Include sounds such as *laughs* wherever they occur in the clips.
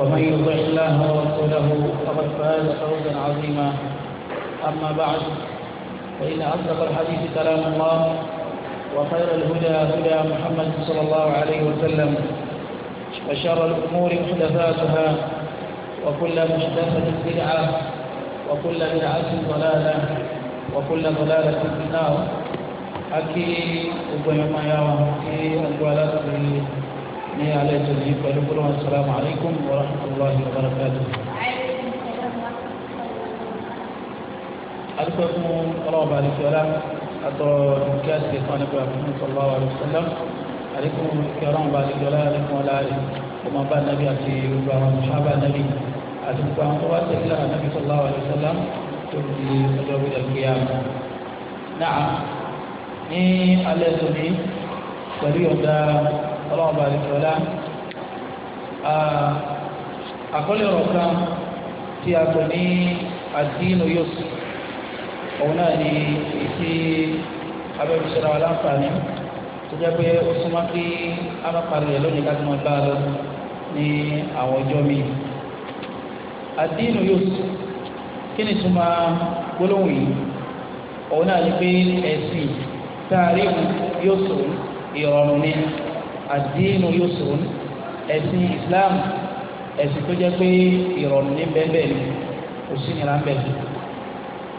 ومن يطع الله ورسوله فقد فاز فوزا عظيما أما بعد فإن أصدق الحديث كلام الله وخير الهدى هدى محمد صلى الله عليه وسلم وشر الأمور محدثاتها وكل محدثة بدعة وكل بدعة ضلالة وكل ضلالة في النار أكيد أبو يوم يا وأكيد أبو ní alẹ́ tó ní pẹ̀lú gbọ́dọ̀ assalamu alaikum wa rahmatullahi wa barakatuh. alùpùpù fún ọlọ́ọ̀bà àdìsọ́lá àtọ̀rọ̀ dúkìá sí kan nípa àfihàn sallallahu alaihi wasallam àdìkún kẹrọ̀ọ̀bà àdìsọ́lá àdìkún ọláàrẹ̀ ọmọ bá nàbí àti yorùbá àwọn sábà nàbí àti gbogbo àwọn tó wá tẹ̀lé lára nàbí ọlọ́run bá àlejò ọlá àkọlé ọ̀rọ̀ kan tí a pè ní àdínú yusuf òun náà ni èsì abẹ́bíṣẹ́ra wa láǹfààní tó jẹ́ pé ó súnmọ́ kí alápàdé rẹ̀ lónìí ká tó máa bá a lọ ní àwọn ọjọ́ mi. àdínú yusuf kí ni túmọ̀ gbólóhùn yìí òun náà ni pé ẹ̀sìn tààrí yusuf ìrọ̀rùn ni àdínú yusrun ẹ̀sìn islam ẹ̀sìn tó jẹ́ pé ìrọ̀rùn ní bẹ́ẹ̀ ni kò sí nira bẹ́ẹ̀.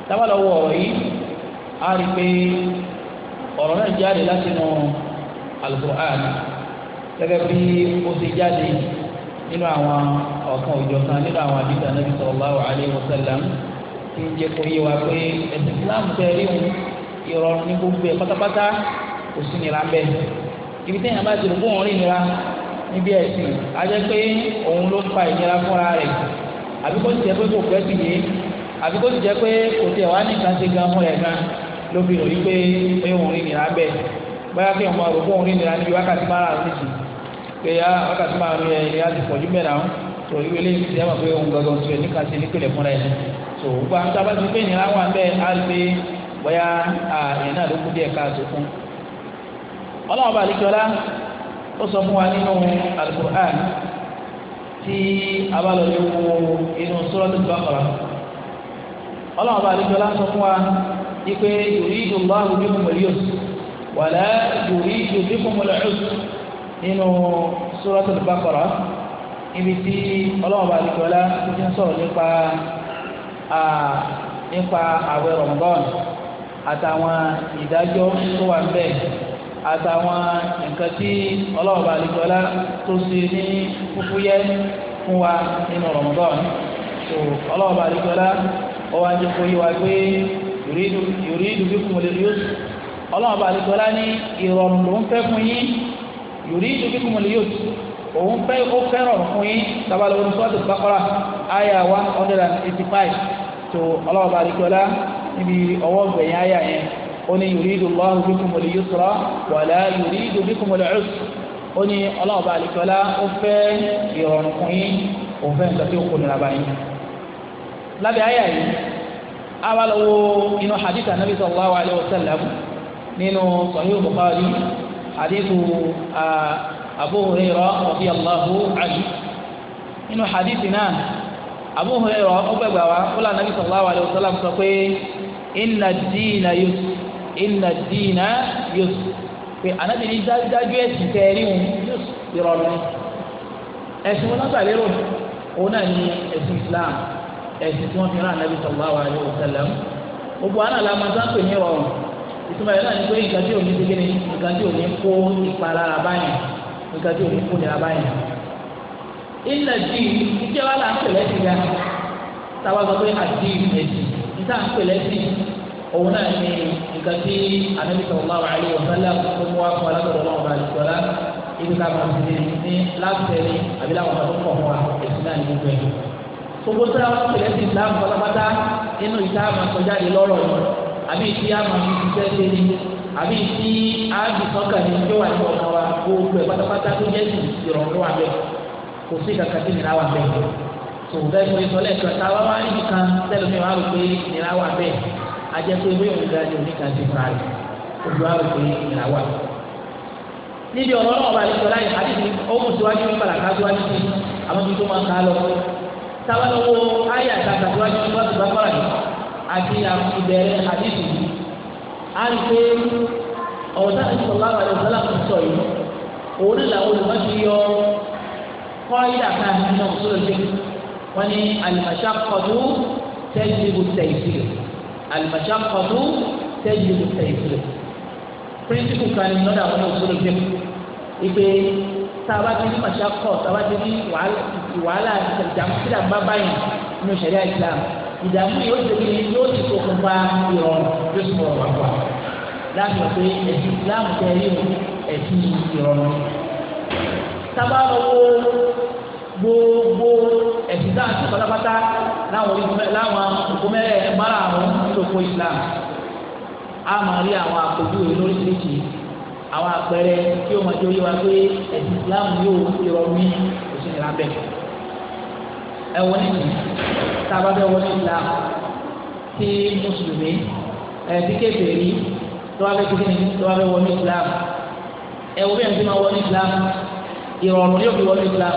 tábàlọ́wọ́ ọ̀rọ̀ yìí a rí i pé ọ̀rọ̀ náà jáde láti nù alukur'an gẹ́gẹ́ bí ó ti jáde nínú àwọn ọ̀kan òjọ̀kan nínú àwọn àdìsá nàbí sallallahu alaihi wasallam tí ń jẹ́ kó yé wa pé ẹ̀sìn islam tẹ̀rí ìrọ̀rùn ní gbogbo ẹ̀ pátápátá kò sí nira bẹ́ẹ̀ ibi tí èèyàn bá ti rò kó òun rí ìnira níbi ẹ̀sìn á jẹ́ pé òun ló fa ìnira fúnra rẹ̀ àbí kó ti jẹ́ pé kò fẹ́ sì yé àbí kó ti jẹ́ pé kò tiẹ̀ wá nìkan ṣe gan fún ẹ̀ gan ló fi rò wípé pé òun rí ìnira bẹ́ẹ̀ bóyá kí òun máa rò kó òun rí ìnira níbi wákàtí márùn-ún nìyí pé ya wákàtí márùn-ún yẹn ìnira ti pọ̀jù mẹ́ra tó ìwé lẹ́yìn ti ẹ̀ mọ̀ pé òun gangan ti rẹ̀ nípìnlẹ̀ fúnra ẹ̀ tó gbogbo àwọn tábàtì pé ìnira wà bẹ́ẹ̀ á lè bóyá ìyẹn náà ló kú díẹ̀ káàtó fún ọlọ́run bá àlejòlá ó sọ fún wa nínú alukur'an tí a bá lọ lè wo inú suratul Baqara ọlọ́run bá àlejòlá sọ fún wa ipe yuridu Allahu bikumul yusra wala yuridu bikumul usra nínú suratul Baqara ibi tí ọlọ́run bá àlejòlá ti ń sọ̀rọ̀ nípa nípa àwẹ̀ Ramadan àtàwọn ìdájọ́ tó wà ń bẹ́ẹ̀. àtàwọn nǹkan tí ọlọ́ọ̀bà àlejòọ́lá tó ṣe ní fúfú yẹ fún wa nínú Ramadan tó ọlọ́ọ̀bà to ọwọ́ ajé kò yí wa pé yòrídù bí kùn lè rí oṣù ọlọ́ọ̀bà àlejòọ́lá ní ìrọ̀rùn ló ń fẹ́ fún yín yòrídù bí òun fẹ́ ó fẹ́ràn fún yín sábàlẹ̀ sọ́ọ̀tù àyà one hundred and eighty five tó ó ní yuridu Allahu bikumul yusra wala yuridu bikumul usra ó ní ọlọ́ọ̀bá àlìkọ́lá ó fẹ́ ìrọ̀rùn fún yín òun fẹ́ nǹkan tí ó kó nira báyìí. lábẹ́ àyà yìí àwa lọ wo inú hadith anabi sallallahu alayhi wa sallam nínú sahih bukhari hadith abu hurairah radiyallahu anhu inú hadith náà abu hurairah ó gbẹgbẹ nabi sallallahu alayhi wa sọ pé inna ad-dina inna ad-dina yusr pé ànábì ní dájúdájú ẹ̀sìn tẹ̀rí wọn wọn náà lérò Islam ẹ̀sìn tí wọ́n fi rán ànábì sallallahu alaihi wasallam gbogbo àná la máa sáńpè ní ìtumọ̀ yẹn náà pé nǹkan tí ti nǹkan tí kó báyìí nǹkan tí kó báyìí wa là ń pèlẹ́ sí ya táwa sọ ń òun náà ní nǹkan tí anabi sallallahu alaihi wa sallam tó mú wá fún alágbàdo ọlọ́run bá ti sọlá ibi ká máa ti ní látẹ̀lé àbí láwọn ọmọdé pọ̀ fún wa èsì náà ní gbogbo ẹ̀. gbogbo tí wọn tilẹ̀ sí islam pátápátá nínú ìta máa sọjá di lọ́rọ̀ yìí àbí ìtí a máa fi ṣiṣẹ́ ṣe ni àbí ìtí a bì sọ́kà ní tó wà nínú ọmọ wa gbogbo ẹ̀ pátápátá tó jẹ́ ajẹ́pé bóyá òun dájú oníkan ti fura rẹ̀ ojú àwọn òfin ìlà wà. níbi ọ̀rọ̀ ọ̀rọ̀ àlejò láyé àdìsí ọ̀hún síwájú ní kàlàkà síwájú sí àwọn tuntun máa ń ká lọ. sábàlọ́wọ́ ayé àtàkà síwájú ní wọ́n ti bá fara rẹ̀ àti ìbẹ̀rẹ̀ àdìsí yìí. a rí pé ọ̀dà ìsọ̀lá àlejò láti sọ yìí òun náà làwọn olùmọ̀tì yọ kọ́ ìdá kan nínú òṣèlú wọ́n ní àlùmọ̀ṣà kọ̀ọ̀dù tẹ́lifù tẹ̀síì alimasakatu tẹ́jú tẹ̀sílẹ̀ píríncípù kan ní lọ́dọ̀ àwọn òṣèlú jẹ́ ipe sábà ti ní masakọ̀ sábà ti ní wàhálà ìdààmú sílẹ̀ bábá yìí nínú sẹ̀ríà Islam ìdààmú yóò tẹ̀lé yóò ti ṣokùnfà ìrọ̀rùn yóò sì rọrùn wá láti wọ́n pé ẹ̀sìn Islam tẹ̀ ẹ́ yóò ẹ̀sìn ìrọ̀rùn. sábà lọ́wọ́ gbogbo islam ti pátápátá láwọn láwọn òkúmẹ́rẹ́ mara àwọn ìlòkó islam a máa rí àwọn àpòjú rẹ lóríṣiríṣi àwọn àpẹẹrẹ tí ó máa jẹ́ oyéwa pé ẹ̀sìn islam yóò rọrùn ní òṣèlú abẹ́ ẹ wọ nìyí tá a bá fẹ́ wọ ní islam tí mùsùlùmí ẹ̀ ti kébèrè tó wá fẹ́ kékeré tó wá fẹ́ wọ ní islam ẹ wọ bí ẹ̀ ń fi máa wọ ní islam ìrọ̀rùn yóò fi wọ ní islam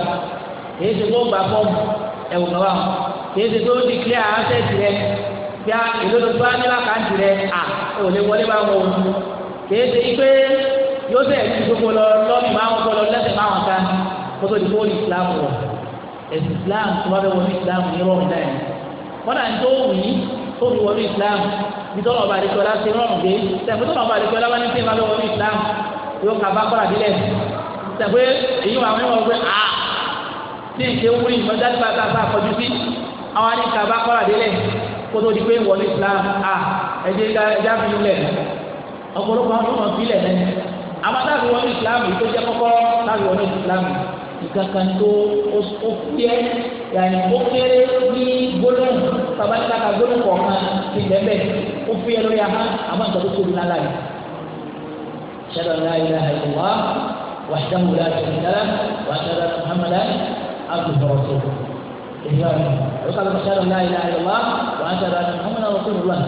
èyí ti gbọ́ gbà fọ́ọ̀mù ẹ̀wù kan wà wọn kìí ṣe tó di clear access rẹ bí a ìlódò tó bá ní lákàntì rẹ à ò lè wọlé bá wọn o kìí ṣe pé yóò fẹ́ ẹ̀sìn gbogbo lọ lọ́ọ̀mì máa wọn kọ́ lẹ́sẹ̀ máa wọn ká kó tó di fóònù islam wọ̀ ẹ̀sìn islam tó bá fẹ́ wọlé islam ní rọrùn náà wọn náà ń tó wù yí tó fi wọlé islam nítorí ọba àdìsọ́lá ṣe rọrùn dé tẹ̀gbọ́n tó ọba àdìsọ́lá wọn ní pé islam yóò kà bá kọ́ra dílẹ̀ tẹ̀gbọ́n èyí wà wọ́n ní ní ìṣe wúrí ìmọ̀jáde bá sáà kọjú sí àwọn àníkà bá kọ́ra délẹ̀ kó tó di pé wọ́n ní Islam à ẹ̀jẹ̀ ẹ̀jẹ̀ àfi ilẹ̀ ọ̀pọ̀lọpọ̀ àwọn yóò fi ilẹ̀ náà àmọ́ táàbí wọ́n ní Islam yìí tó jẹ́ kọ́kọ́ táàbí wọ́n ní Islam ìkankan tó ó fúyẹ́ yàrá ó kéré ní gbólóhùn tabalítàkà gbólóhùn kọ̀ọ̀kan ti bẹ́ẹ̀ ó fúyẹ́ lórí ahá àmọ́ nǹkan tó tóbi lálá yìí. ṣẹlẹ̀ ọ̀la ilaha illallah wàhídàmù láti ṣẹlẹ̀ عبده ورسوله إجابة وقال أشهد أن لا إله إلا الله وأشهد أن محمدا رسول الله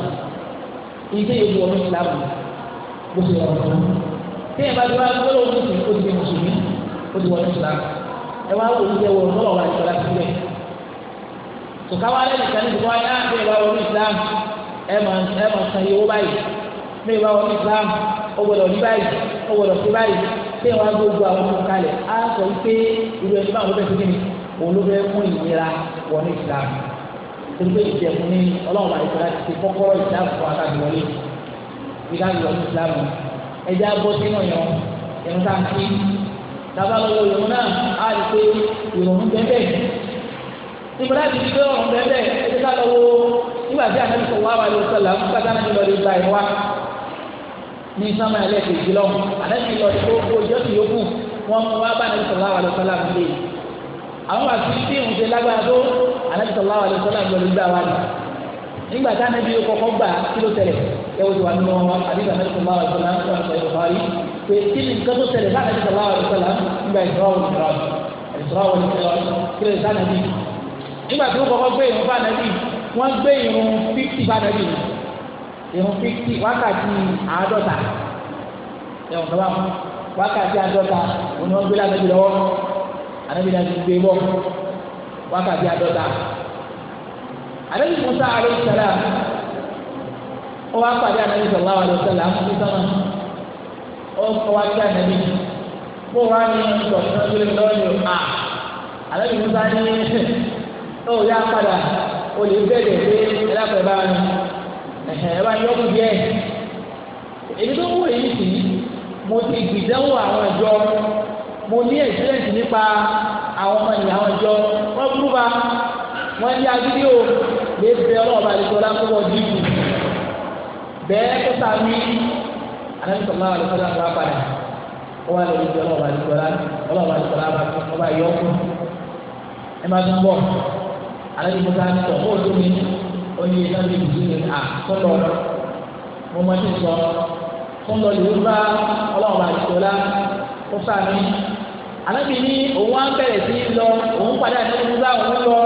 ìdí ìlú ọmọ ìsìlámù bó ṣe wọ́n fún un tí ẹ bá ti wá gbọ́dọ̀ wọ́n ti ó ti di mùsùlùmí ó ti wọ́n ní ìsìlámù ẹ wá wò ó jẹ́ wọ́n lọ́wọ́ wa ìjọba ti rẹ̀ tòkáwá lẹ́nu ìsìlámù ti wá yá bí ẹ bá wọ́n ní ìsìlámù ẹ máa ẹ máa san iye owó báyìí bí ẹ bá wọ́n ní ìsìlámù ó gbọ́dọ̀ ní báyìí ó gbọ́dọ̀ sí báyìí tí ẹ wá gbogbo àwọn ọmọ kalẹ̀ á sọ wípé ìlú ẹni báwọn bẹ́ẹ̀ olóbẹ́ mú ìnira wọ ní ìsìlámù torípé ìjẹ̀kùn ní ọlọ́run àti ìsìlámù ti kọ́kọ́rọ́ ìsìlámù fún akáàbíwọlé ìdáhùn lọ ní ìsìlámù ẹjẹ́ abọ́ sínú yẹn ẹ̀rù tá a ti tabalọ́wọ́ ìrònú náà á rí pé ìrònú bẹ́ẹ̀ ìmọ̀lá ti di pé ọ̀rùn bẹ́ẹ̀ ẹjẹ́ ká lọ́wọ́ nígbà tí àná ìfọ̀ wá wàlúù sọ̀lá nígbà tí àná ìlọrin gba ẹ̀ wá ní sámà ẹlẹ́ẹ̀kejì lọ́wọ́ àná ìlọrin tó ojú ọ̀sìn yòókù wọ́n mú wá bá àná ìfọ̀ wá wàlúù nílé yìí àwọn àti bí òun ṣe lágbára tó anabi sallallahu alaihi wasallam lọ́lọ́ gbà wá ní. nígbà tá anabi yóò kọ́kọ́ gbà kí ló tẹ̀lẹ̀ ẹ̀wọ̀n ti wà nínú wọn àdìgbà anabi sallallahu alaihi wasallam lọ́wọ́ sọ ìwà rí pé kí ni nǹkan tó tẹ̀lẹ̀ bá anabi sallallahu alaihi wasallam nígbà ìsọ̀rọ̀ wọn nígbà tí wọn kọ́kọ́ gbé irun fún anabi wọn gbé irun fífì fún anabi irun fífì gbé lánàbí anabi náà ti gbé bọ́ wákàtí àdọ́ta anabi musa alayhi salam ó wá pàdé anabi sallallahu alayhi wasallam ní sọ́nà ó kọ́ wá sí anabi kó wá ní ìtọ̀ ní ọdún lórí ọ̀hà anabi musa ní ó yá padà ó lè bẹ̀rẹ̀ pé ẹlẹ́pẹ̀ bá mi ẹ bá yọ ọkùnrin díẹ̀ èyí tó wù èyí sì mo ti gbìdánwò àwọn ẹ̀jọ́ mo ní experience nípa àwọn ọmọ ìyá wọn jọ wọ́n burú ba wọ́n ní agídí o lè bẹ ọlọ́ọ̀bá àlejò ọlákùnrin dìbò bẹ́ẹ̀ kó sàmì anábìsọ̀ máa wà lọ́sọ̀rọ̀ àgbà padà ó wà lórí ìjọ ọlọ́ọ̀bá àlejò ọlọ́ọ̀bá àlejò ọlọ́ọ̀bá yọ ọkùn ẹ máa tún bọ̀ anábìsọ̀ máa ń sọ̀ fún òtún mi ó ní ìjọba ìbùsùn mi à tó lọ mo máa ti sọ fún lọ yorùbá ọlọ́ọ̀bá àlejò ọlá kó sàmì ànábì ní òun wá ń bẹ̀rẹ̀ sí lọ òun padà ní ojú bá òun lọ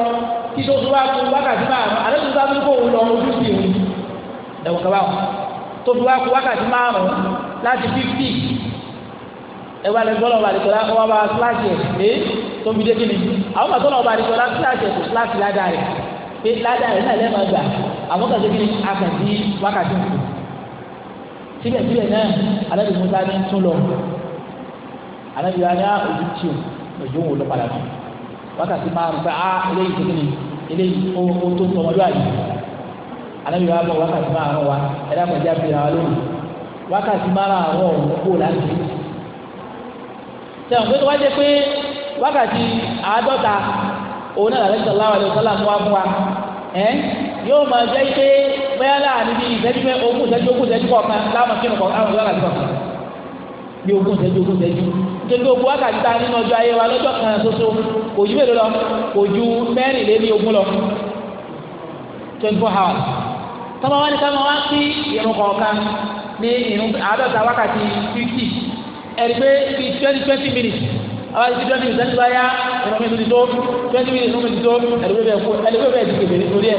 kí tó tún wá kú wákàtí máa ànábì tó bá tún kó òun lọ ojú sí òun ẹ̀wọ̀n kaba wọn tó tún wá kú wákàtí márùn-ún láti fífì ẹ̀wọ̀n alẹ́gbọ́n ọba àdìgbọ́lá ọba bá síláàsì ẹ̀ tó fi dé kíni àwọn bàtọ́ ọba àdìgbọ́lá síláàsì ẹ̀ kò síláàsì ládàá rẹ̀ pé ládàá rẹ̀ náà lẹ́ẹ̀ máa gbà àwọn kan tó kíni akàtí wákàtí síbẹ̀síbẹ̀ náà alẹ́ anabi wa ní ah, ojú tí o ojú wo ló padà dùn wákàtí márùn pé a ah, eléyìí tó kíni eléyìí ó ó tó tọmọ lóyà yìí anabi wa bọ wákàtí márùn wa ẹ̀dá kan jáde ra wa lónìí wákàtí márùn ọ̀hún kó láti sẹ́wọ̀n pé tó wá jẹ́ pé wákàtí àádọ́ta òun náà làlẹ́ sọ̀rọ̀ láwàlẹ́ sọ́là mú wa mú wa ẹ́ yóò máa jẹ́ pé bẹ́ẹ̀ láàrin bíi ìṣẹ́jú mẹ́ ogún ìṣẹ́jú ogún ìṣẹ́jú kọ̀ọ̀kan láwọn kí bí ogún ìṣẹ́jú ogún ìṣẹ́jú nítorí ogún wákàtí ta nínú ọjọ́ ayé wa lọ́jọ́ kan ṣoṣo kò ju mélòó lọ kò ju mẹ́rìnlélí ogún lọ twenty four hours tọ́mọ wá ní ká máa wá sí irun kọ̀ọ̀kan ní irun àádọ́ta wákàtí fifty ẹ̀rí pé bí twenty twenty minutes àwọn àti twenty minutes ẹni bá yá irun mi ti tó twenty minutes irun mi ti tó ẹ̀rí pé bẹ́ẹ̀ kú ẹ̀rí pé bẹ́ẹ̀ ti kébé lórí ẹ̀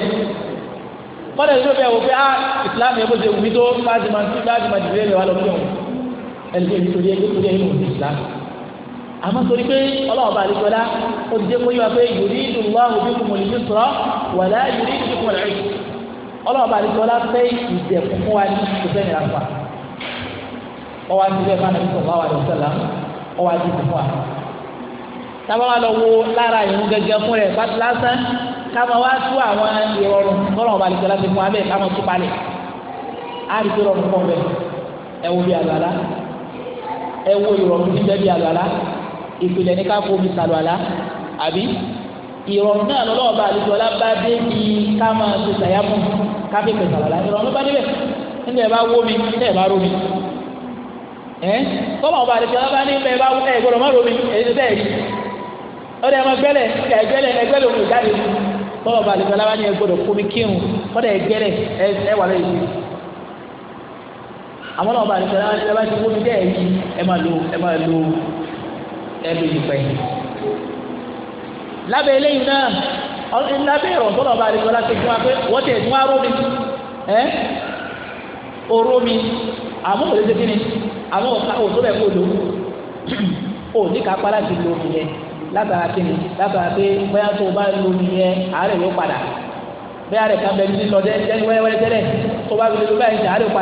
kọ́dà ìlú bẹ́ẹ̀ wò pé ah ìsìlámù yẹn kó ṣe wù mí tó bá ti máa ti bá ti máa dìbò yẹn lọ́wọ́ lọ́wọ́ ẹnìkan nítorí ẹgbẹ́ tó dẹ́yìn òní islam àmọ́ torí pé ọlọ́ọ̀bá àlejòlá ó ti jẹ́ kó yíwa pé yòrí ìdùnnú àwọn òbí kò mọ̀ lè sọ̀rọ̀ wàlá yòrí ìdùnnú kò mọ̀ lè rí ọlọ́ọ̀bá àlejòlá fẹ́ ìdẹ̀kùn fún wa ní ìfẹ́ nira fún wa ọwọ́ àti bẹ́ẹ̀ fún àlejò wa àlejò sọ̀lá ọwọ́ àti ìdùnnú fún wa. tábà wà lọ wo lára ìrún gẹ́gẹ́ fún rẹ̀ bá ti lásán káma wá tú àwọn ìrọ̀rùn ẹ wo ìrọ̀rùn ní bẹ́ẹ̀ bí àlùwàlá ìpìlẹ̀ ní ká fomi sàlùwàlá àbí ìrọ̀rùn náà lọ́wọ́ bá àlùwàlá bá dé bí ká máa ṣe sàyámù ká fi pè sàlùwàlá ìrọ̀rùn ló bá débẹ̀ nílẹ̀ bá wó mi nílẹ̀ bá ró mi ẹ kọ́mọ̀ ọba àlùwàlá bá ní bẹ́ẹ̀ bá ẹ gbọ́dọ̀ má ró mi èyí ti bẹ́ẹ̀ ọdẹ ẹmọ gbẹlẹ ẹgbẹlẹ ẹgbẹlẹ òun ìjáde tọwọ balẹ balaba ni ẹgbọdọ fomi kírun ọdẹ ẹgbẹlẹ ẹwà lẹ́yìn àwọn ọba bá rí pẹ̀lú àwọn ti wọ́n mi dẹ́ ẹ̀yí ẹ máa lo ẹ máa lo ẹbí ìpẹ́ lábẹ́ eléyìí náà lábẹ́ ọ̀rọ̀ tó náà bá rí pẹ̀lú àti pé wọ́n tẹ̀ mi ẹ́ oró mi àmọ́ òde ṣe kí àmọ́ lò ó ní láti lo omi yẹn pé bóyá tó o bá lo omi yẹn àárẹ̀ padà bóyá rẹ̀ lo omi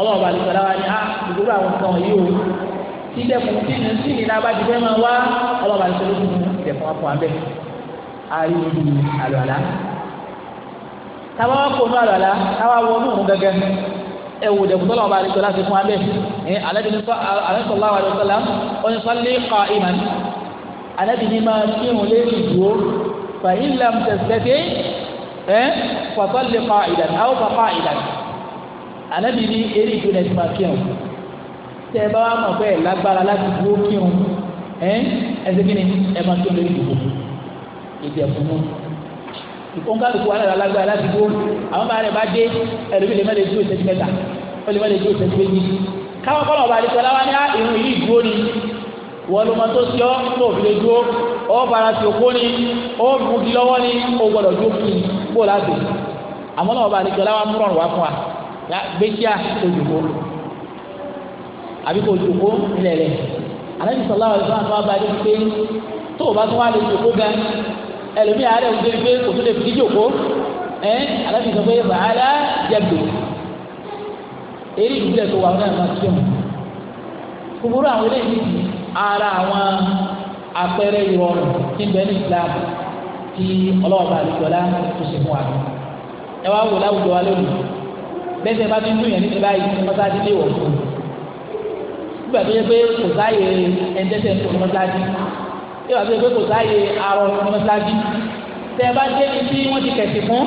ọlọ́run bá nìkan láwa ni á ah, gbogbo àwọn nǹkan wọ̀nyí o tí dẹ́kun tí ní sí ìlànà bá ti fẹ́ máa wá ọlọ́run bá nìkan ló fún ìdẹ̀kun afọ abẹ́ ayé ibi àlọ́lá táwa wá kó nù àlọ́lá táwa wọ nù gẹ́gẹ́ ẹ wò dẹ̀kun tọ́lọ́run bá nìkan láti fún abẹ́ ẹ alẹ́sọ̀lá wa lọ́sọ̀lá ọ̀nà sọ́lé kọ́ ìmọ̀ alábìíní ànábì ní eré na ẹ̀sìn máa kírun tẹ ẹ bá wà mọ̀ bẹ́ẹ̀ lágbára láti dúró kírun ẹ ẹsẹ̀ kí ni ẹ máa kírun lórí ìdìbò ìdẹ̀kùn náà ìkóńkàlùkù wà lára lágbára láti dúró àwọn bá rẹ̀ bá dé ẹ̀rọ ìlẹ̀ mẹ́lẹ̀ dúró ìṣẹ́jú mẹ́ta ó lè mẹ́lẹ̀ dúró ìṣẹ́jú méjì káwọn kọ́nà ọba àdìsọ láwa ní irun yìí dúró ni wọ́n ló máa tó sí ọ́ tó fi lè dúró ọ́ bára ti òkú ni ó mú di lọ́wọ́ ni ó gbọ́dọ̀ dúró fún un kó láti àmọ́ ya gbẹ́kíà ojúkó àbí kò ojúkó ńlẹ̀lẹ̀ anabi sallallahu alaihi wasallam àti wọn bá dé pé tó o bá tó wà lè jòkó gan ẹlòmíì àárẹ̀ ń débi pé kò tó lè fi jòkó ẹ anabi sọ pé bàálà jẹgbẹ eré ìdílé tó wà náà máa tó kúburú àwọn eléyìí ara àwọn apẹrẹ ìrọrùn tí ń bẹ ní Islam tí ọlọ́ọ̀bà àdìgbọ́lá tó ṣe fún wa ẹ wá wò láwùjọ wa lónìí bẹ́sẹ̀ bá ti dùn yẹn ní ti báyìí mọ́sáàdì lè wọ̀ fún un nígbà tó yẹ pé kò sáàyè ẹ̀ńdẹ́sẹ̀ tó mọ́sáàdì nígbà tó yẹ pé kò sáàyè arọ mọ́sáàdì tẹ́ ẹ bá dé ibi tí wọ́n ti kẹ̀sì fún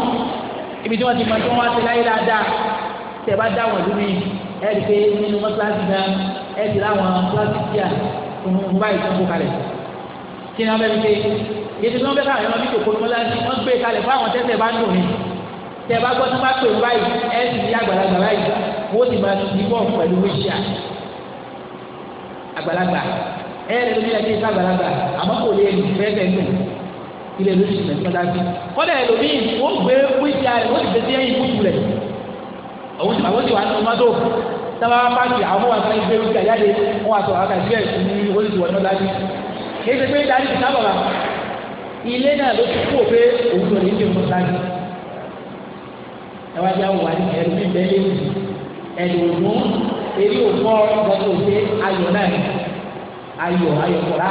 ibi tí wọ́n ti mọ tí wọ́n wá sí láyé dáadáa tẹ́ ẹ bá dá wọn lórí ẹ̀ rí pé nínú mọ́sáàdì náà ẹ̀ ti láwọn plastic òun báyìí tó ń kó kalẹ̀ kí ni wọ́n bẹ́ẹ̀ fi ṣe yé ti sọ́n bẹ́ẹ̀ káwọn ẹ̀rọ bí kòkòrò mọ́sáàdì wọ́n gbé kalẹ̀ fún àwọn tẹ́sẹ̀ bá ń dùn ní tẹ bá gbọ́ tó bá pè wọ́n báyìí ẹ̀ sì ní àgbàlagbà báyìí wọ́n sì máa ti bọ̀ pẹ̀lú wíṣà àgbàlagbà ẹ̀ rẹ̀ lómi ẹ̀kí sàgbàlagbà àmọ́ kò lè ní fẹ́fẹ́ nù ilé ló sì mẹ́tí mọ́tà sí kọ́dà ẹlòmíì wọ́n gbé wíṣà rẹ̀ wọ́n sì gbé sí ẹ̀yìn kúkú rẹ̀ òun ti àwọn ti wà nínú mọ́tò sábà pàṣẹ àwọn wà fún ẹgbẹ́ wíṣà jáde wọ́n wà sọ àwọn àti ẹ̀ ní olùdíwọ̀ náà dájú kí ẹ ti gbé dájú ti sábà ilé náà ló ti kú òfé òun tó ẹ wá jẹ́ àwọn wà ní ẹ̀rí bí bẹ́ẹ̀ lé ẹ̀rí ògún eré òkọ́ gbọ́dọ̀ pé ayọ̀ náà ni ayọ̀ ayọ̀ kọ̀ra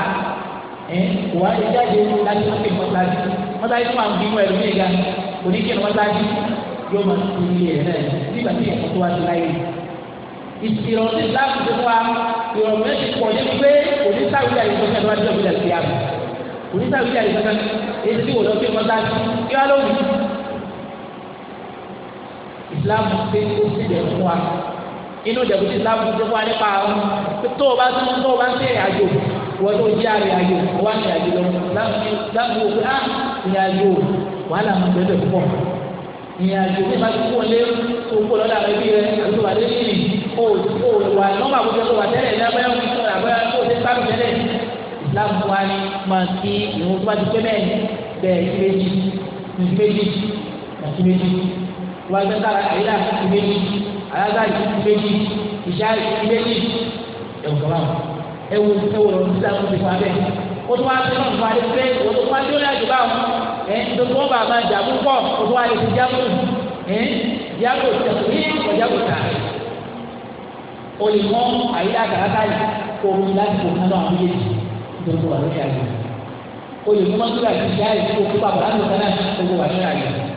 ẹ̀ kò wá jáde láti wọ́n fi mọ́tàdí tó máa ń bímọ ẹ̀rú nígbà kò ní kí ẹ̀ mọ́tàdí yóò máa ti ní ẹ̀rẹ́ náà nígbà tí ẹ̀kọ́ tó wá ti láyé ìsirọ̀lẹ́ láti fún wa ìrọ̀lẹ́ pé islam ṣe ó sì jẹ fún wa inú ìjẹ̀bú islam ṣe fún wa nípa àwọn tó o bá tún tó o bá ń ṣe àjò wọ́n tó jẹ́ àrè àjò wọ́n ní àjò lọ islam ṣe islam wò ah ìyá àjò wàhálà máa gbẹ́dọ̀ púpọ̀ ni àjò tí ma ti kú ọlé tó kú lọ́dà rẹ bí rẹ àti wà lẹ́yìn ní o o wà nọ́mbà kó tó wà tẹ́lẹ̀ ní abẹ́rẹ́ wọn tó àbẹ́rẹ́ kó tẹ́ sábì tẹ́lẹ̀ islam wa ni máa kí ìwọ̀n tó bá ti pẹ́ bẹ́ẹ̀ bẹ́ẹ̀ méjì méjì àti méjì ìwà ìgbẹ́ sára àyílá ìbejì àyáza ìbejì ìṣá ìbejì ẹ̀wù kọ́lá ẹ̀wù ẹ̀wù lọ́dún sísá ló ti fún abẹ́ o tún wá sí náà fún adé pé o tún wá dúró láti bá wọn ẹ̀ ń dodo wọn máa jà púpọ̀ o tún wá lè fi jábò ẹ̀ jábò tẹ̀sán ní ọ̀jábò tà o lè mọ àyílá yìí kó o mú láti kó kánú àwọn méjèèjì nítorí wà lókè àgbẹ̀ o lè mú mọ́tò àti ìṣá ìfowópamọ́ láti kó kánú àwọn méjèèjì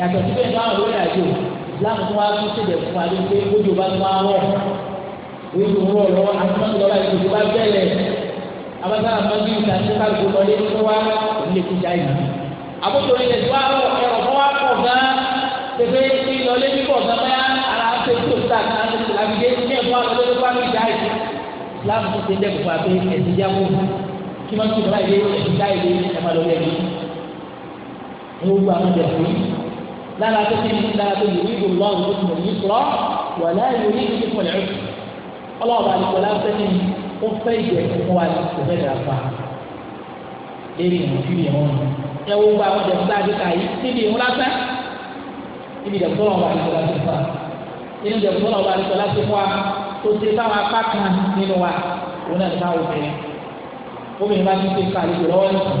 yàtọ̀ sí bẹ́ẹ̀ báwọn lórí àjò láàmú tó wá tún ṣèjẹ̀ fún wa ló pé ojú bá tún wá wọ̀ ojú ń rọ̀ lọ́wọ́ àtúntò lọ́wọ́ àti ojú bá bẹ̀rẹ̀ abasára mọ́tí ìta tó ká gbogbo lọ́lé tó wá òní kú já yìí. àbúrò ilẹ̀ tó wá rọ̀ ẹ̀rọ fún wa pọ̀ gan pépé tí lọ́lé bí pọ̀ gan báyà ara ṣe tó ta kan ṣe tó láti dé ní ẹ̀fọ́ àlọ́ lọ́lé wá ní já yìí. láàmú tó ti ń dẹ́kun fún wa pé ẹ̀sìn wọ́n tún báyìí ẹ̀sìn yìí lára tó ti ní lára tó yìí wíwò lọ́wọ́ tó tún yìí sọ wà láàyè orí ìlú fún ẹ̀rọ ọlọ́ọ̀bà àlùkò láńpẹ́ ní ó fẹ́ ìjẹ́ fún wa ní kò fẹ́ dà pa eré ìlú fi yẹn wọn ẹ wo gba àwọn ìdẹ̀kùn tá a ti kà yìí níbi ìhun lásán níbi ìdẹ̀kùn tọ́lọ̀ wà àlùkò láti fún wa nínú ìdẹ̀kùn tọ́lọ̀ wà àlùkò láti fún wa tó ti fáwọn apá kan nínú wa òun náà ti fáwọn obìnrin obìnrin bá ti fi kà àlùkò lọ́wọ́ nìkan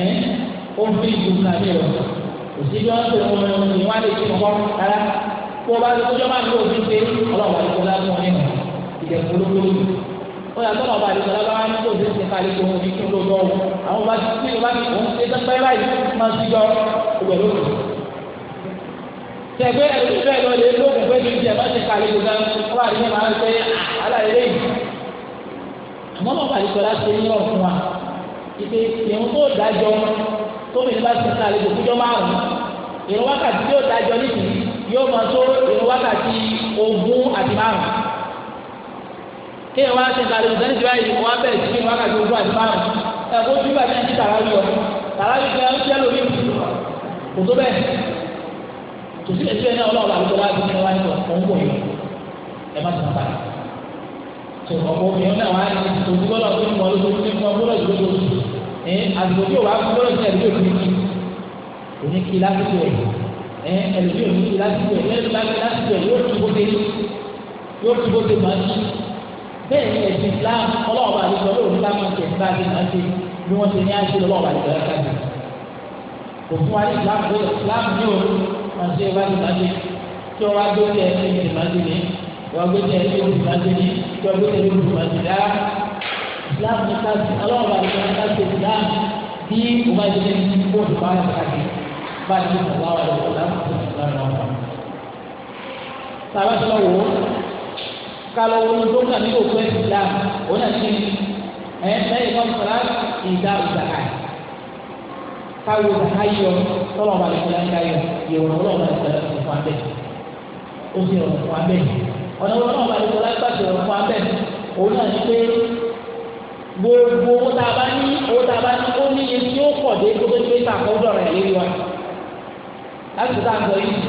ẹ̀ ó ń fi ìdùn kàmí rẹ̀ òsì bí wọn ṣe fún mi ní wọn lè ṣe kọ rárá kó o bá lè kójọ máa ń lò ní pé ọlọ́wọ́ àti kọlá fún ọ nínú ìjẹ polówó ó yà sọ́nà ọba àdìsọ́lá bá wọn kó o ṣe ń ṣe kálí tó ń fi kí n ló lọ́wọ́ àwọn bá ti kí o bá ti kó ń ṣe sẹ́pẹ́ báyìí máa ti jọ ọgbẹ̀ lóko. tẹ̀gbẹ́ ẹ̀rọ bẹ́ẹ̀ lọ lè lókun pé kí n jẹ máa ṣe kálí tó gan ọba àdìsọ́lá máa ń pẹ́ aláìlẹ́ yìí. àmọ́ ọba fún wa ìpè tóbi ní bá ti sàn àlejò fúnjọ́ márùn-ún ìrún wákàtí tí yóò dájọ́ nìyí yóò máa tó ìrún wákàtí ogún àti márùn-ún kéèyàn wá ti sàn àlejò sẹ́ni tí wáyé wọ́n á bẹ̀rẹ̀ sí ìrún wákàtí ogún àti márùn-ún ẹ̀ kó tún bàtà ní tàràwí ọ̀ tàràwí kẹ́ ọ́ jẹ́ lómi kò tó bẹ́ẹ̀ kò sí ẹsẹ̀ náà ọlọ́run àwùjọ láti ní wáyé tó ń bọ̀ yìí ẹ má sàn báyìí tó ọ̀pọ̀ obìnrin náà wáyé tó dúró lọ́wọ́ ń bọ̀ ẹ àsìkò tí o wá fún bọ́lá sí ẹ̀rí òní kí òní kí lásìkò ẹ ẹ ẹ̀rí òní kí lásìkò ẹ ẹ̀rí bá kí lásìkò ẹ yóò tún bóde yóò tún bóde máa kí bẹ́ẹ̀ ni ẹ̀sìn Islam ọlọ́ọ̀bà àdìsọ lóò ní bákan tẹ̀ bá ti máa ṣe bí wọ́n ṣe ní àṣẹ ọlọ́ọ̀bà àdìsọ yẹn káàdì kò fún wa ní Islam tó Islam ní o máa ṣe wá ní máa ṣe tí wọ́n wá gbé tẹ̀ ẹ̀ máa ṣe ní wọ́n gbé tẹ̀ ẹ̀ máa ṣe ní tí wọ́n gbé tẹ̀ ẹ̀ máa ṣe ní islam ní ká sí ọlọ́run bá ní ká sí islam bí o bá yẹ kí o tó bá yẹ káàkiri bá yẹ kí o bá wà lọ́wọ́ láti tó ti lọ́rùn ọ̀hún. sàbàtì lọ wò ó kálọ̀ wọn tó kà ní òkú ẹ̀sìn islam òun náà ti ẹ̀ lẹ́yìn náà sọ̀rọ̀ ìdá ìdàkà káwé ìdàkà yọ tọ́lọ̀ bá ní ká yọ yẹ̀wò ọlọ́run bá ní ká yọ fún abẹ́ ó sì rọ̀ fún abẹ́ ọ̀nà wọn náà bá ní ká yọ fún abẹ́ òun náà ti pé gbogbo owó tá a bá ní owó tá a bá ní ó ní iye tí ó pọ̀ dé gbogbo tí ó ta àkọ́ dọ̀rọ̀ ẹ̀ lérí wa láti tá a sọ yìí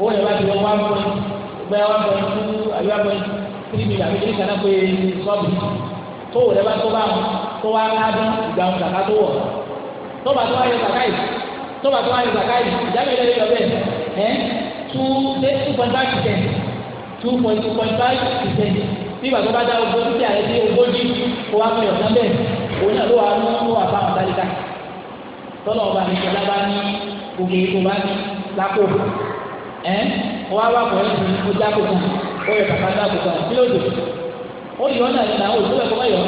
owó yẹn bá ti wọ́n wá pọ̀ gbẹ́ wá pọ̀ ní àbí wá pọ̀ ní three million àbí three kaná pé sọ́ọ̀bù tó wò lẹ́bàá tó bá wọn tó wá ládùn ìgbà wọn kàkà tó wọ̀ tó bá tó wá yẹ kàkà yìí tó bá tó wá yẹ kàkà yìí ìjábẹ̀ lẹ́yìn lọ bẹ́ẹ̀ ẹ́ two two point five percent two point two point five percent bí ìgbà tó bá dá ogbó dúkìá rẹ sí ogójì kó wá pè ọ̀sán bẹ́ẹ̀ òun náà ló wà ló ń wà fáwọn tálíkà tọ́lọ̀ ọba mi jọlá bá ní gbogbo ètò bá ní lápò ẹ wá wà pọ̀ ẹ́ ní ojú àkókò ó yẹ kàkà ní àkókò àti lóde ó yọ ọ́ nàlẹ́ náà òṣèlú ẹ̀kọ́ mẹ́yọ̀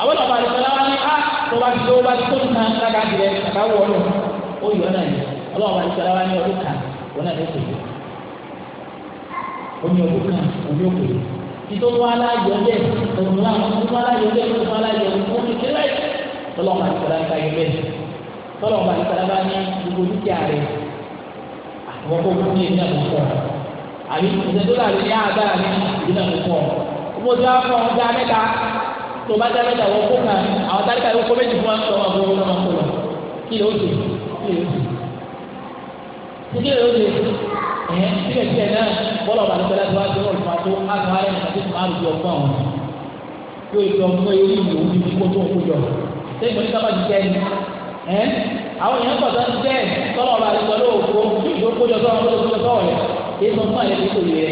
àwọn ọba mi jọlá wá ní á ah, tó bá ti tó bá ti tó ní náà ká káàkiri ẹ̀ kàkà wọ̀ ọ́ ó yọ ọ́ nàlẹ́ nítorí wọn aláyọ̀ lẹ̀ òun náà nítorí wọn aláyọ̀ lẹ̀ nítorí wọn aláyọ̀ lẹ̀ fún kékeré láì tọ́lọ́mọ àtìkọ́lá ń báyìí bẹ́ẹ̀ tọ́lọ́mọ àtìkọ́lá bá ní gbogbo dúkìá rẹ̀ àwọn kó fún yẹn náà lọ́kọ̀ àbí ìṣẹ́dọ́là rẹ̀ ní àgbára ní ìdílé lọ́kọ̀ ọmọ tí wọ́n fọ́ ọjà mẹ́ta tó bá dá mẹ́ta wọ́n kó kan àwọn tálíkà yóò kó méjì fún wọn tó wọn kó wọn kó lọ kí ló dé kí ló kíkí lè lóde ẹ̀ síbẹ̀síbẹ̀ náà bọ́lá ọ̀bà nípa láti wá sí ọ̀rọ̀ ìfà tó àtàwọn ayé nípa tó máa rúbi ọgbọ́n àwọn yóò fi ọgbọ́n eré ìlú òun níbi kó tó ń kójọ sẹ́yìn mọ́tí sábà ti jẹ́ni ẹ̀ àwọn èèyàn pọ̀ sọ́ọ́ ti jẹ́ tọ́lọ̀ ọ̀bà nípa lóòkó yóò kójọ sọ́ọ́ lóòkó sọ́ọ̀ yẹ èyí sọ fún àlẹ́ tó yẹ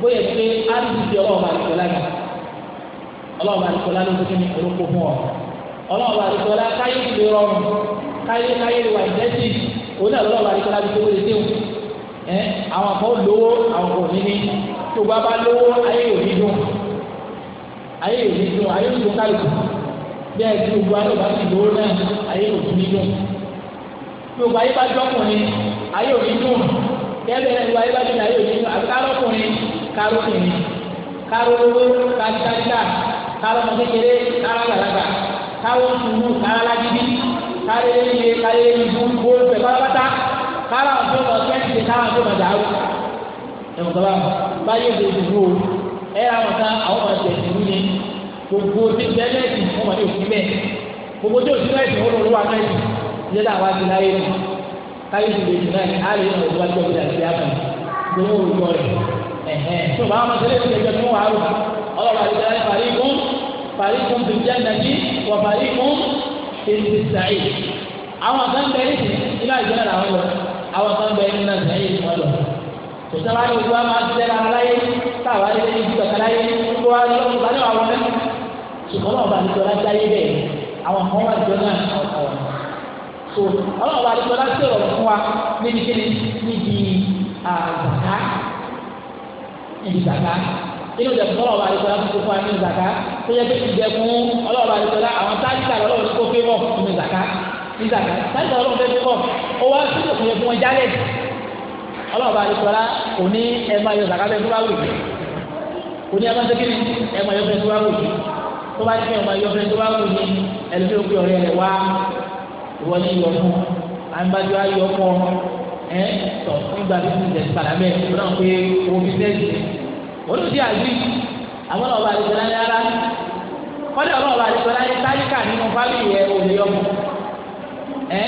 bóyá pé áàdì ti ọlọ́ọ̀bà nípa láti ọlọ́ọ̀bà nípa láti ló ti ní orúkọ fún ọ ọlọ́ọ̀bà nípa láti káyé ti rọrùn káyé káyé wà ìdẹ́sì òun náà lọ́wọ́ àti kọ́lá gbogbo lè déwù ẹ àwọn kan lówó àwọn kan níní tó bá bá lówó ayé òní dùn ayé òní dùn ayé òní dùn kálukú bẹ́ẹ̀ tí gbogbo ayé òbá ti lówó náà ayé òní dùn gbogbo ayé bá jọkùnrin ayé òní dùn kẹ́lẹ́ ẹ̀ gbogbo ayé bá jọkùnrin ayé òní dùn àti kárọ̀kùnrin kárọ̀kùnrin kárọ̀lówó kárítárítà kárọ̀mọ kékeré kárọ̀làlàgbà kárọ̀ káyé ilé káyé ibú gbogbo ẹ̀ pátápátá kára ọ̀dọ́ lọ kẹ́sìtì kára ọ̀dọ́ lọ dàrú ẹ̀wọ̀n tó bá wọn báyé lè dùbò ẹ̀ àwọn kan àwọn ọmọ gbogbo gbogbo tí wọn ilé ti láyé náà tó àti gbogbo tó bá wọn tẹ̀sí sàyè àwọn kan bẹ ní ilé àjọyọ̀ làwọn lọ àwọn kan bẹ nínú sàyè wọn lọ tòtàwá ni olùwà máa ń tẹ́lẹ̀ aláyé táwa lé ní ìdúgbò aláyé gbogbo wa lọ nípa ní àwọn ọmọ ṣùgbọ́n bá bẹ́ẹ̀ àwọn kan wà jọ náà fún wa níbi níbi àgbàká níbi àgbàká. nínú ìjẹ̀kú tọ́lọ̀ bá àdìsọ́lá tó fún wa nínú zaka tó yẹ kí ìjẹ̀kú ọlọ́ọ̀bá àdìsọ́lá àwọn táyítà lọ́wọ́ tó fẹ́ mọ̀ nínú zaka ní zaka táyítà lọ́wọ́ fẹ́ fẹ́ mọ̀ ó wá sí ìkùn yẹn fún wọn jálẹ̀ ọlọ́ọ̀bá àdìsọ́lá kò ní ẹ máa yọ zaka bẹ́ẹ̀ tó bá wù yìí kò ní ẹ máa sẹ́kìrì ẹ máa yọ bẹ́ẹ̀ tó bá wù yìí tó bá ní ọmọ ayọ fẹẹ tó bá wù ní ẹlẹmi òkú ọ̀rẹ́ rẹ wá ìwọ ní ìyọ fún àyìnbájú ayọ fún ọ ẹ tọ nígbà tó ti tẹsí olùdí àgbì àwọn ọba àdìgbòlá ní ara kọ́dé ọba ọba àdìgbòlá ní táyíkà nínú fábí yẹ òní ọmọ ẹ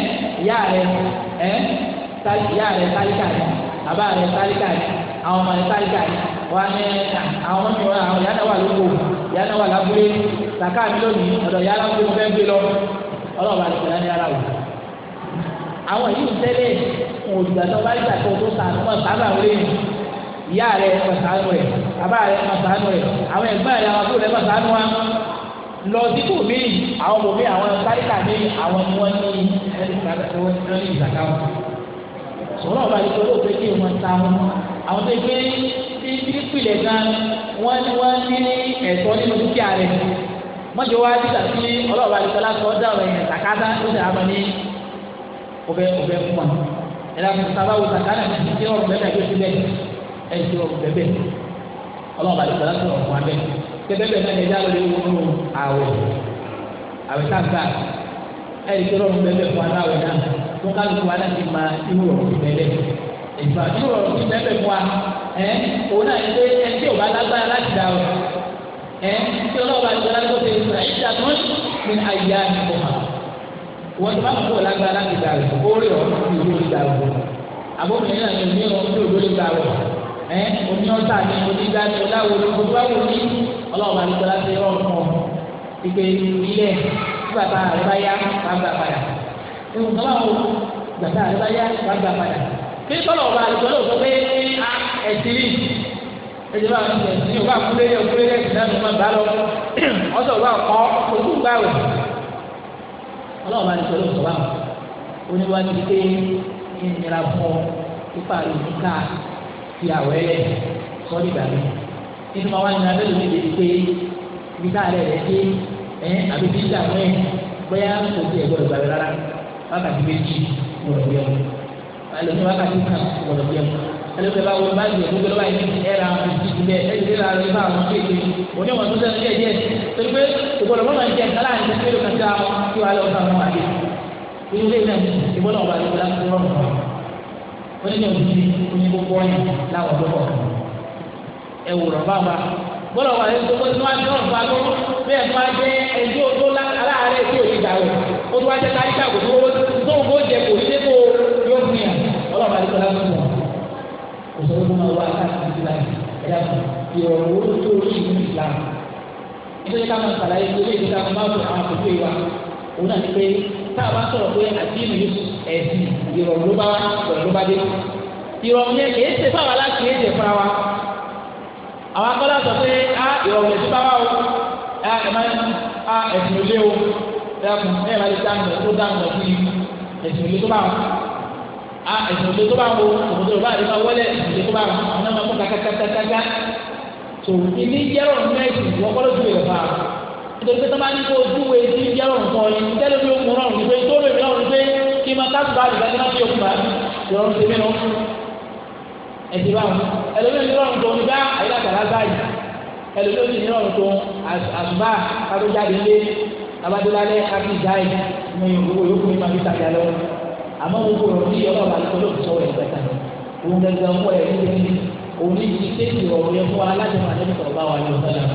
ìyá rẹ ẹ ìyá rẹ táyíkà ni bàbá rẹ táyíkà ni àwọn ọmọ rẹ táyíkà ni wà ní àwọn ọmọ rẹ àwọn ìyá náà wà lóko ìyá náà wà lábúlé sàkà mi lónìí ọ̀dọ̀ ìyá lábúlé mo fẹ́ gbé lọ ọlọ́ọ̀bà àdìgbòlá ní ara wò àwọn yìí ń tẹ́lẹ̀ òdìgbà tó bá ń gbà tó tó sàn ìyá rẹ pàṣánù rẹ bàbá rẹ pàṣánù rẹ àwọn ẹ̀gbọ́n rẹ àwọn àbúrò rẹ pàṣánù wa lọ sí kò mí àwọn kò mí àwọn sáríkà mí àwọn ni wọn ní ẹni ìsàkà wọn sọ̀rọ̀ ọba yìí lọ́wọ́ pé kí wọ́n ta wọn àwọn tó gbé ní ìpìlẹ̀ gan wọ́n ní wọ́n ní ẹ̀tọ́ nínú dúkìá rẹ̀ mọ́jọ wá dídà sí ọlọ́ọ̀bá yìí sọlá sọ dáwọ̀ ẹ̀yìn sàkádá ló dà bọ̀ ní ọbẹ̀ ọbẹ̀ fún wa ẹ̀dá fún sábà wò ẹ̀jẹ̀ ọ̀bẹ̀bẹ̀ ọlọ́ọ̀bà lè sọ̀rọ̀ sọ̀rọ̀ fún abẹ́ kẹ́bẹ́bẹ̀ náà ẹ̀jẹ̀ alọ́ lè wọ́n nù àwẹ̀ àwẹ̀ sáàgbà ẹ̀jẹ̀ ọlọ́run bẹ̀bẹ̀ fún aláwẹ̀ náà fún kálukú wa náà ti ma inú ọ̀rọ̀ bẹ̀bẹ̀ ìgbà inú ọ̀rọ̀ ti bẹ̀bẹ̀ fún wa ẹ̀ òun náà ẹ̀jẹ̀ ẹ̀jẹ̀ ọba lágbára láti dà wẹ̀ ẹ̀ ẹ̀jẹ̀ ọlọ́ọ̀bà lè sọ̀rọ̀ sọ̀rọ̀ sọ̀rọ̀ ìjà tó ń ẹ oníyọ́tà ni onígbà ni oláwo ni gbogbo àwọn òní ọlọ́run bá nígbà láti rọrùn fún ọ ìgbè ilẹ̀ nígbà tá bá gbà padà ewu nǹkan báwo nígbà tá bá gbà padà bí kọ́lọ̀ àlùkò lóòótọ́ pé a ẹ̀sìn ẹ̀sìn bá ẹ̀sìn yóò bá kúlé yẹ kúlé yẹ bá lọ ọ̀sọ̀ bá kọ́ gbà wẹ̀ àlùkò fi àwẹ̀ lẹ̀ sọ́ọ́dì gbà mí nínú ma wá nínú abẹ́lẹ̀ mi lè pé ibi tá a rẹ̀ rẹ̀ dé ẹ̀ àbí bí dààmú ẹ̀ bóyá kò tiẹ̀ gbọ́dọ̀ gbàgbé rárá wákàtí méjì gbọ́dọ̀ bí ẹ̀mú ẹlòmí wákàtí kan gbọ́dọ̀ bí ẹ̀mú ẹlòmí bá wọlé báyìí ẹ̀mú gbọ́dọ̀ báyìí ẹ̀rà àwọn ìdíjú bẹ́ẹ̀ ẹ̀dí rà rẹ̀ bá àwọn kéèké òní wọn tó sẹ́nu díẹ̀ díẹ̀ torí pé ìgbọ́dọ̀ mọ́nà jẹ́ kálá àti ìgbẹ́rù kan sí àwọn tí wàá lọ́ọ́ oníkẹ́ òbí ti oní gbogbo ọ̀yàn láwọn ọdún kọ̀ ẹ wò rọ̀ bàbà bọ́lá wà lẹ́yìn tó kọ́ tí wọ́n á ọ̀fà tó bẹ́ẹ̀ tó á ẹjọ́ tó aláàárẹ̀ tí òye dà o ó tó á jẹ́ káyí káàkó tó owó tó owó jẹ kò ní dé kó yóò fún yà ọlọ́run bá dìbò láti mọ̀ òṣèlú tó máa wá káàkiri ti láyé ẹ̀dá ìrọ̀rùn owó tó oṣù ní ìlànà nítorí káwọn sàlàyé òun náà ní pé tá a bá sọ̀rọ̀ pé àdínù Yusuf ẹ̀sìn ìrọ̀rùn ló bá wá ìrọ̀rùn ló bá dé ìrọ̀rùn yẹn kì í ṣe fáwọn aláṣẹ yẹn ṣe fúnra wa àwọn akọ́lá sọ pé á ìrọ̀rùn ẹ̀sìn bá wà o á ẹ̀sìn olé o ẹ̀kùn ẹ̀ máa lè dáhùn ẹ̀ tó dáhùn ẹ̀ fún ẹ̀sìn olé tó bá wà á ẹ̀sìn olé tó bá wà o òkòtò ìbá àdé máa wọlé ẹ̀sìn olé tó bá wà àwọn náà máa kó kàkàkàkàkà tó ilé jẹ́rọ̀ mẹ́sì wọ́pọ́lọ́ nítorí pé sábà ní kó ojú wo etí ń jẹ́ rọrùn fún ọ ní tẹ́lẹ̀ bí okùn rọrùn nígbè tó lè rọrùn pé kí máa ká sùgbà àdìgbà tí wọ́n fi okùn bá rọrùn sí mẹ́nu ẹ̀sìn bá wọn ẹlòmíràn ní rọrùn tó ń bá àyílákàlá báyìí ẹlòmíràn ní rọrùn tó àtúbà kátójáde lé abadúlálẹ̀ káfí ìdáyì ní ìwòwò yòókù ní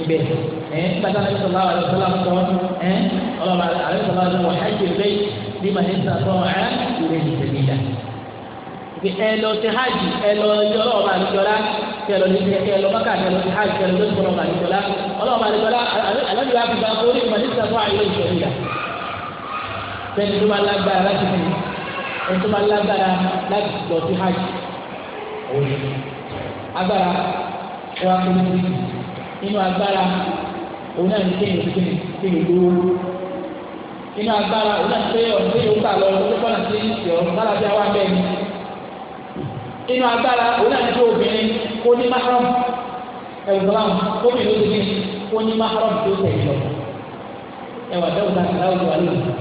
níbẹ̀ ẹ̀ gbàtà àlẹ́ sọ̀rọ̀ àlẹ́ sọ̀rọ̀ àkọ́ ẹ̀ ọlọ́ba àlẹ́ sọ̀rọ̀ àlẹ́ wọ̀ hajj rẹ̀ ní ma ní sàtọ̀ ẹ̀ ìwé ìsẹ̀mílà. ẹ lọ sí hajj ẹ lọ ọlọ́ba àlùjọ́lá kẹ lọ sí kẹ lọ mọ́kà kẹ lọ sí hajj kẹ lọ sí ọlọ́ba àlùjọ́lá ọlọ́ba àlùjọ́lá àlẹ́ yóò fi gbàgbọ́ ní ma ní sàtọ̀ ìwé ìsẹ̀mílà. bẹ́ẹ̀ni tó bá lágbára láti fi ẹni tó bá lágbára láti lọ sí hajj òní agbára wọn á kó ní nínú agbára òun náà ní kéèyàn ti kéèyàn kéèyàn lówó nínú agbára òun náà ti pé ọ̀nà tí yóò gbà lọ ọdún kọ́nà tí yóò ti ọ̀rọ̀ sára bí awa bẹ́ẹ̀ ni nínú agbára òun náà ti pé obìnrin kó ní mahram ẹ̀rù bọ́láwù kómi ló ti ní kó ní mahram tó tẹ̀ lọ ẹ̀wà dẹ́wù náà kàlá òun wà lónìí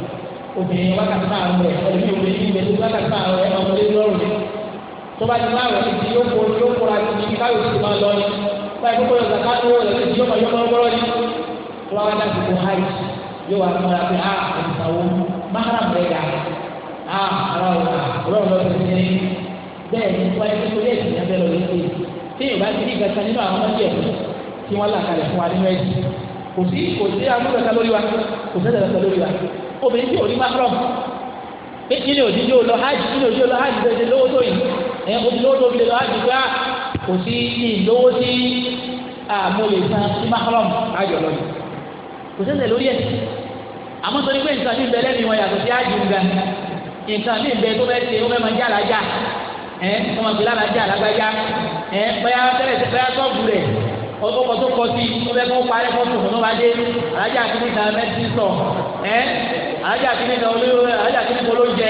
obìnrin wákàtí máa ń rẹ̀ ẹ̀mí obìnrin ní ń rẹ̀ tó bá ti máa báyìí kókó yọ zaka tó wọlé tó yọ ọmọ gbọ́rọ́ ni tó wá wájà kókó hajj yóò wá mọ́ra pé a ah, ìta wo mahara mọ̀ ẹ̀yà a ah, ara wò a ọlọ́run lọ́sẹ̀ ní ẹni bẹ́ẹ̀ ni wáyé kókó yẹ ìsìn abẹ́rẹ́ lọ́wọ́ ẹ̀sìn tí yorùbá ti ní gàtà nínú àwọn ọmọdé ẹ̀ tí wọ́n là kalẹ̀ fún wa nínú ẹ̀sìn kò sí kò sí amúgbàtà lórí wa kò sẹ́dẹ̀ lọ́sẹ̀ lórí wa obìnrin tí ò ní mahram pé kí ni òdìjọ́ lọ hajj kí ni òdìjọ́ lọ hajj bẹ́ẹ̀ lówó tó yìí ẹ̀ lọ hajj ah, kò sí ìlówó tí mo lè san sí makalom ayọ lọdọ kò sẹsẹ lórí ẹ àmọ́ sọ ni pé nǹkan mi bẹ lẹ́nu wọn yàtọ̀ sí àjù nga nǹkan mi bẹ tó bẹ ṣe ó bẹ máa jẹ alájà ẹ ó máa fi lára jẹ alágbájá ẹ bóyá tẹ́lẹ̀ tẹ́lẹ̀ bóyá tọ́ọ̀bù rẹ̀ ọkọ̀ tó kọ sí ó bẹ kó parẹ́ fọ́ọ̀mù fún ọba dé alájà kìíní kan mẹ́tí sọ ẹ alájà kìíní kan olóyè alájà kìíní kan olóyè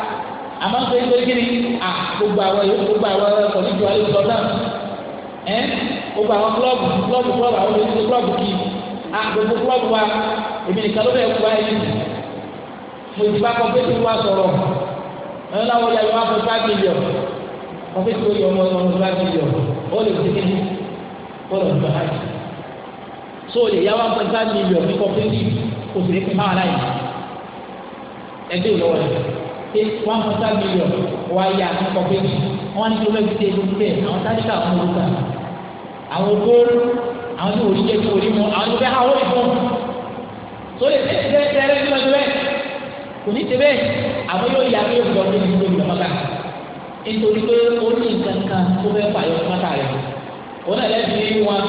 àmọ́ ń sọ pé kí ni à gbogbo àwọn yòókù gbogbo àwọn ẹ̀rọ ní ju alẹ́ ìjọba ẹ̀ gbogbo àwọn klọ́ọ̀bù klọ́ọ̀bù klọ́ọ̀bù àwọn olóyún klọ́ọ̀bù kì í à gbogbo klọ́ọ̀bù wa èmi nìkan ló bẹ̀ kú báyìí mo ti bá kọ́pẹ́tì wa sọ̀rọ̀ ẹ̀ láwọn yà yọ afọ five million kọ́pẹ́tì ó yọ ọmọ ọmọ five million ó lè ti kí ni ó lọ sọ hajj so lè yá one point five million ní kọ́pẹ́tì kò sì ní pín máa láyé ẹgbẹ́ ìlọ́wọ́ rẹ̀ one hundred million wà yà kọ́ pé wọ́n ní kíló ti tẹ̀lé bẹ́ẹ̀ àwọn sáríkà àwọn olùkà àwọn ogóró àwọn tí òní jẹ́ tí òní mu àwọn tó fẹ́ hàwọ́ ìfún tó lè tẹ̀ tẹ̀ tẹ̀lé ní ọjọ́ bẹ́ẹ̀ kò ní tẹ̀lé àwọn yóò yà kí yóò fi ọdún yìí lórí ọmọ kan nítorí pé ó ní nǹkan kan tó fẹ́ fàyọ mọ́tà rẹ̀ òun náà lẹ́bi wọn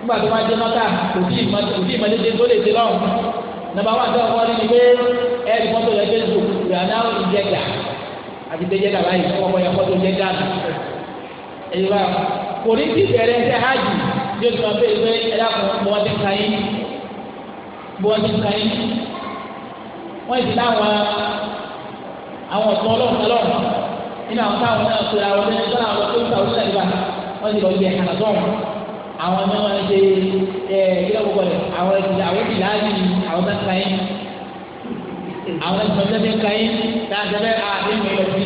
nígbà tó wá dé mọ́tà kò tí ì mọ́tà kò tí ì mọ́tà nàbà wà tó ọkọ nínú pé ẹni fọ́tò yẹn fẹ́ zò ìyànà ìjẹjà àti ìjẹjà báyìí ọkọ yẹn fọ́tò yẹn dànù èyí bá kò ní ti bẹ̀rẹ̀ ẹsẹ̀ hajj yóò tún ọbẹ̀ ìwé ẹ̀dá kan bó wọ́n ti ń kàyín bó wọ́n ti ń kàyín wọ́n ti láwọn àwọn ọ̀tún ọlọ́run ọlọ́run nínú àwọn táwọn náà pèrè àwọn ọ̀tún ọlọ́run tó ń ta òṣìṣẹ́ ìgbà wọ́n ti lọ yẹ àlàzọ́ọ̀mù àwọn ẹni wọn ṣe ẹ kílẹ̀ gbogbo rẹ̀ àwọn ẹni àwọn ẹni láàyè àwọn ẹni kan yín àwọn ẹni kan tẹ́tẹ́ kan yín dáadáa bẹ́ẹ̀ a ti mú ẹbí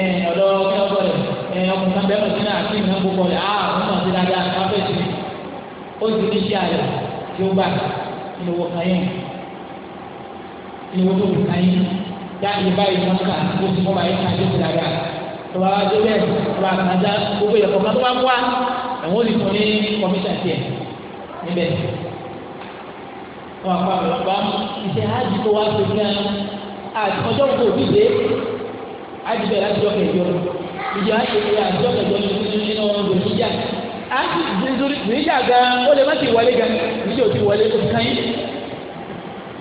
ẹ ọ̀dọ́ kílẹ̀ gbogbo rẹ̀ ẹ ọkùnrin kan bẹ́ẹ̀ mọ̀tí náà àti ìmọ̀ gbogbo rẹ̀ a ọ̀hún náà ti dáadáa káfẹ́ sí ó sì ní iṣẹ́ àlẹ́ tí ó gbà ní owó kan yín ní owó tó kù kan yín dáadáa báyìí wọn kà ó sì mú báyìí kan yín dáadáa. tó bá wá dé gbogbo ìyẹ̀kọ̀ kan tó bá wá àwọn olè ní kọmíṣà wọn àpá tó wá sí gan àti nínú nítorí níjà gan ó lè má ti wọlé gan níjà ò ti wọlé ó ti kàn yín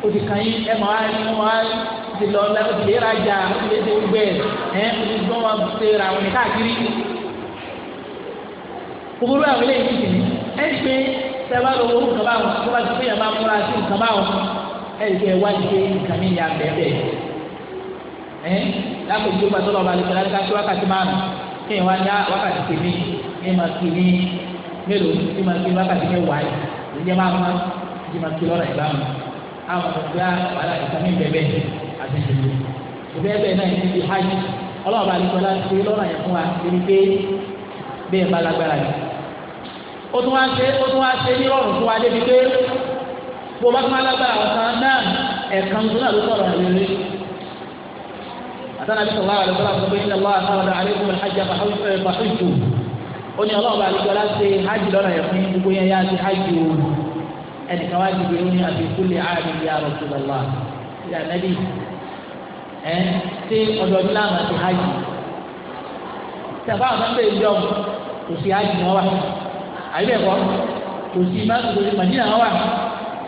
ó ti kàn yín ẹ máa ń ti lọ lọ ti lè rajà ó ti lè ṣe gbẹ ẹ ó ti gbọ́n wọn ṣe ra wọn káàkiri. kúburú àwọn ilé yìí ti ní ẹni pé sẹ́wá lọ wọ́n nǹkan báwọn tó bá ti pé yàrá múra sí nǹkan báwọn ẹni pé wá ti pé nǹkan mi yà bẹ́ẹ̀ bẹ́ẹ̀. ẹ lápèjì ó pàtó lọ́ba àlejò láti káṣí wákàtí márùn-ún kí ìwà ní wákàtí tèmi ẹ máa kì ní mélòó ẹ máa kì wákàtí mẹ́wàá yìí ìjẹ́ máa máa ìjẹ́ máa kì lọ́rọ̀ ìbámu àwọn ọ̀gá wàhálà ìsàmì bẹ́ẹ̀ bẹ́ẹ̀ àti ìdílé ìbẹ́ bẹ́ẹ̀ náà hajj ọlọ́ọ̀bá àlùkọ́lá ṣe lọ́nà yẹn fún wa ebi pé bẹ́ẹ̀ bá lágbára yìí ó tún wá ṣe ó tún wá ṣe ní rọrùn fún wa débi pé bó bá tún ọ̀sán náà ẹ̀ka ń ló sọ̀rọ̀ àtàlà sọ̀rọ̀ àlùkọ́lá fún àlékún hajj ó ní ọlọ́ọ̀bá ṣe hajj yẹn fún gbogbo yẹn yá hajj o ẹnìkan wá dìbò ẹ ṣé ọdọọdún láàmú àti hajj tàbá àwọn bẹ́ẹ̀ jọ kò sí hajj wọn wà àbí ẹ̀kọ́ kò sí má kò sí màdínà wọn wà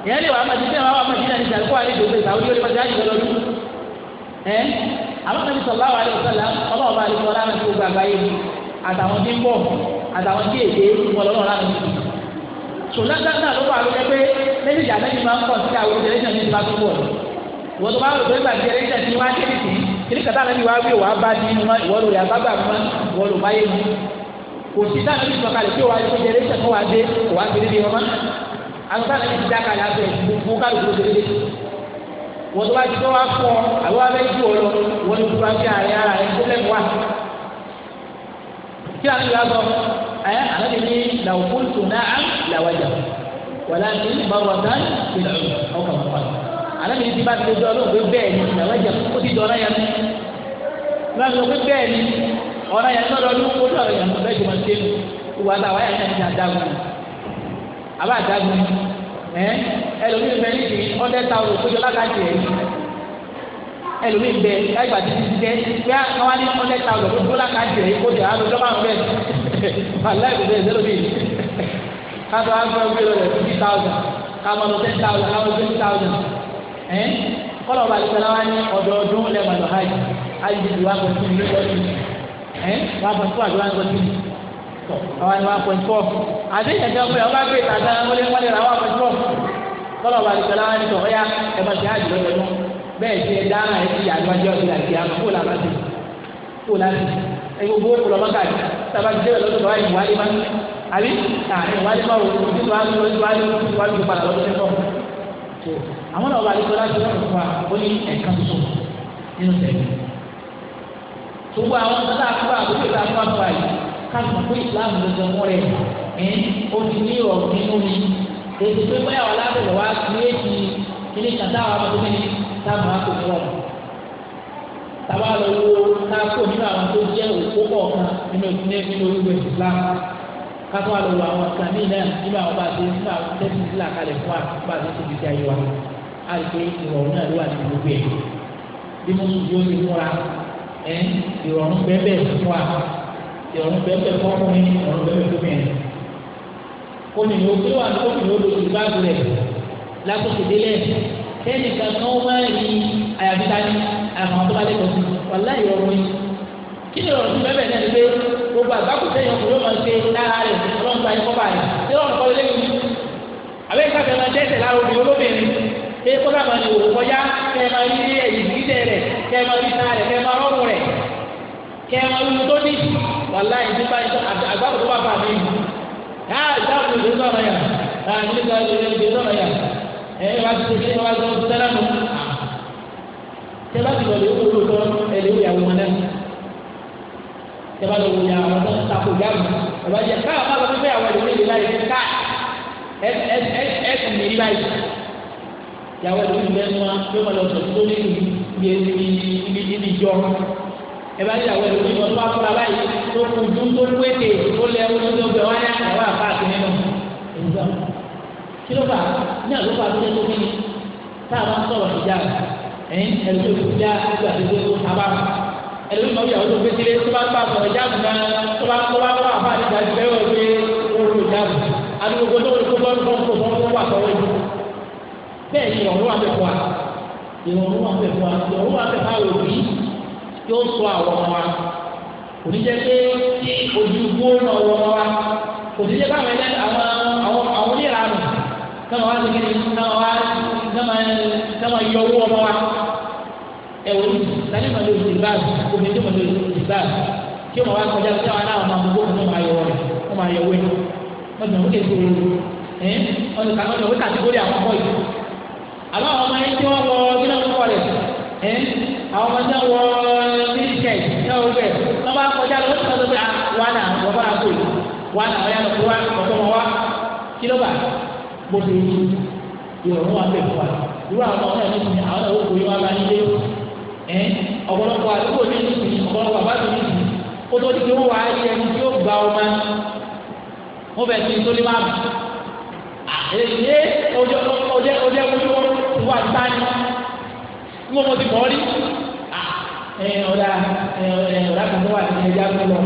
ìyẹn lè wà màdínà wọn wà màdínà ní ìjà kó wà ní ìdòwò ìtàwọn yóò lè má ti hajj lọ́dún ẹ àwọn nàbí sọlá wà lẹ́wọ̀ sọlá ọlọ́wọ́ bá lè sọlá náà tó gbàgbá yìí àtàwọn tí ń bọ̀ àtàwọn tí èdè wọn lọ́wọ́ lánàá sọlá náà ló wà lókè pé méjèèjì ìwọ tó bá wọ ìgbésà ti ẹrẹ ìjà tí wọn á dé nìkì kíni kàtà náà ni wàá wí wàá bá di wọn ìwọ lórí àbábà mọ ìwọ ló bá yé mu kò sí táwọn ẹbí sọ kalẹ̀ pé wàá yẹ kó jẹrẹ ìjà tó wàá dé wàá tẹ̀lé di ọmọ àwọn táwọn ẹbí ti dá kalẹ̀ abẹ gbogbo kálukú tẹ̀lé di ìwọ tó bá ti tó wá fọ àwọn abẹ ju ọ lọ ìwọ ló tó bá fi àrẹ alẹ́ mi ti bá ti dọ́ lóògbé bẹ́ẹ̀ ni ìyàwó ẹ̀jẹ̀ kó ti dọ́ra yẹn ní wọ́n ti lóògbé bẹ́ẹ̀ ni ọ̀rọ̀ yẹn lọ́dọ̀ ọdún kó dọ̀rọ̀ yẹn lọ́dọ̀ ìjọba ṣe ń wà tá wáyà náà ti àdágun àbá àdágun ẹ ẹlòmíì bẹ ní ti ọdẹ ta ọrọ kójọ lákàtì ẹ ẹlòmíì bẹ láìpà títí ti jẹ pé káwá ní ọdẹ ta ọrọ kójọ lákàtì ẹ kójọ àlọ ẹ sẹlẹ̀ bíi káàtó àgbà thousand ẹ kọlọ ọba àlùfẹlẹ wa ní ọdọọdún lẹẹmọdọ hajj hajj ti wá pọ fún mi lọdún ẹ wá pọ fún àdúrà ńgọ sí mi tọ àwa ni wá pọ fún ọ àti ìyẹnjẹ ọgbẹ ọba gbé tàdá wọlé wọlé ra wá pọ fún ọ kọlọ ọba àlùfẹlẹ wa ní tọ ọyá ẹmọ ti hajj lọdọọdún bẹ́ẹ̀ ti ẹ dáná ẹ ti yàgbọn jẹ ọdún àti àkókò làbàdì kó láti gbogbo ọlọmọ káàdì sábà ti dẹ́rẹ̀ lọ́dọ̀ báyìí wálé máa ń àbí ìwádìí máa wò ó ti wá lọ sí wálé ó ti wá lọ padà lọ́dọ̀ tẹ́tọ̀ tó àwọn náà wà ní sọlá tó lọ́rùn fún wa ó ní ẹ̀ka tó nínú tẹ̀lé tó gbọ́ àwọn tó dáa fún wa àbúrò ìta fún wa fún wa yìí káàkiri pé islam ló jẹ mọ́ rẹ̀ ẹ̀ ó ti ní ọ̀rọ̀ nínú ni èdè pé báyà wà lábẹ̀rẹ̀ wá kírèjì ilé ìtàtà àwọn ọmọdé mi táwọn á kó fún ọ tàbá lọ wo ká kó nínú àwọn tó jẹ́ òkú kọ̀ọ̀kan nínú ìdílé nínú orílẹ̀ kátó wà lọ́wọ́ àwọn kan ní ilẹ̀ nígbà wọn bá ti nígbà wọn tẹ́sí sílẹ̀ àkàlẹ̀ fún wa bá ti tóbi tí a yẹ wa á rí pé ìrọ̀rùn náà ló wà ní gbogbo ẹ̀ bí mo sùn yóò ti múra ẹ ìrọ̀rùn bẹ́ẹ̀ fún wa ìrọ̀rùn bẹ́ẹ̀ fọ́kùnrin ìrọ̀rùn bẹ́ẹ̀ fọ́kùnrin onìyàn òkè wà ní onìyàn olóòtú báàgù rẹ̀ lásòkè délẹ̀ kẹ́ni kankan ó máa rí àyàfi tani àwọn tó bá lẹ́kọ̀ọ́ sí wàláyé ọ̀rọ̀ yìí kí ni ọ̀rọ̀ tó bẹ́ẹ̀ bẹ́ẹ̀ náà gbogbo àgbákùtẹ̀ yẹn kò ló máa ṣe lára rẹ̀ ọlọ́run ta ẹ̀kọ́ báyìí ṣé ọ̀rọ̀ kọ́ lélẹ́yìn mi àbẹ́yẹ́ká fẹ́ máa dẹ́sẹ̀ lára obìnrin olóbìnrin ṣé kọ́lá máa ní òwò kọjá kẹ́ ẹ máa rí ní ẹ̀yìn ìdílé rẹ̀ kẹ́ ẹ máa rí sára rẹ̀ kẹ́ ẹ máa rọ́ọ̀mù rẹ̀ kẹ́ ẹ máa rí tó ní wàlá ìdíbà àgbákùtẹ̀ bá bá mi yáà ìdáàbò ìjọba ló wòye àwọn tó ń takò yàgò ìjọba yẹ káyọ̀ máa lọ fífẹ́ àwọn ìdílé ìlà yìí ká ẹ̀sùn mìíràn báyìí ìyàwó ìlú ìlú ẹnu wa yóò máa lọ sọ tó ní ìlú ibi ibi ìjọ ẹ bá yàwó ìlú ìlú ọdún afọlá báyìí tó kù dún tó kú ètè tó lẹ ọdún tó bẹ wáyà àwọn àfa àti nínú ìgbà kí ló fà ní àlùfà tó yẹ tó kí ni táwọn sọ̀rọ̀ ìjà ẹ̀yìn ẹ̀lú ìjà ìgbà tó yẹ ẹlòmí náà yàwó tó gbèsè tó bá bá sọ̀rọ̀ jáde náà tó bá tó bá wà fún àdìgbà jù bẹ́ẹ̀ wọ̀ pé olùkọ́ jáde àdúgbò tó olùkọ́ bọ́ọ̀lù fún kò fún fún wà sọ̀rọ̀ yìí bẹ́ẹ̀ ni ìrọ̀rùn àbẹ̀ fún wa ìrọ̀rùn àbẹ̀ fún wa ìrọ̀rùn àbẹ̀ fún àwọn òbí yóò sọ àwọn ọmọ wa kò ní jẹ́ pé tí ojú gbó náà wọ ọmọ wa kò ní jẹ́ káwọn ẹlẹ́ àwọn àwọn oníranù náà wá sí kí ẹ̀wọ̀ sani ma lórí ìbáàbù omi tó ma lórí ìbáàbù kí wọn wá kọjá sí àwọn aláwọ̀ máa gbogbo wọn máa yọ wọn wọn máa yọ wọn wọn tún wọn kéde wọn ẹ ọdún kan ọdún wọn kàtí kórè àwọn bọ́ọ̀lù àbá àwọn ọmọ yẹn tí wọn wọ kí wọn kọ rẹ ẹ àwọn ọmọ yẹn wọ mílíkẹ ní ọwọ́ bẹ́ẹ̀ wọn bá kọjá lọ wọn tún wọn sọ pé ah, wọn náà wọn bá kó wọn náà wọn yà lọ sí wọn ọkọ wọn wá kí ló bá gbogbo ìrọ̀rùn wa bẹ̀ fún wa irú àwọn ọmọ ẹ ọ̀pọ̀lọpọ̀ àdúgbò ní ìsìn ọ̀pọ̀lọpọ̀ àbájọ ní ìsìn kó tó di pé wọ́n wá ayé ẹni tí ó gba ọmọ mo bẹ̀ sí nítorí máa bù èyí ọjọ́ ọjọ́ ọjọ́ ojú wà sáni mo mo ti mọ̀ ọ́ rí ẹ ọ̀dà ẹ ọ̀dà kan tó wà ní ẹja tó lọ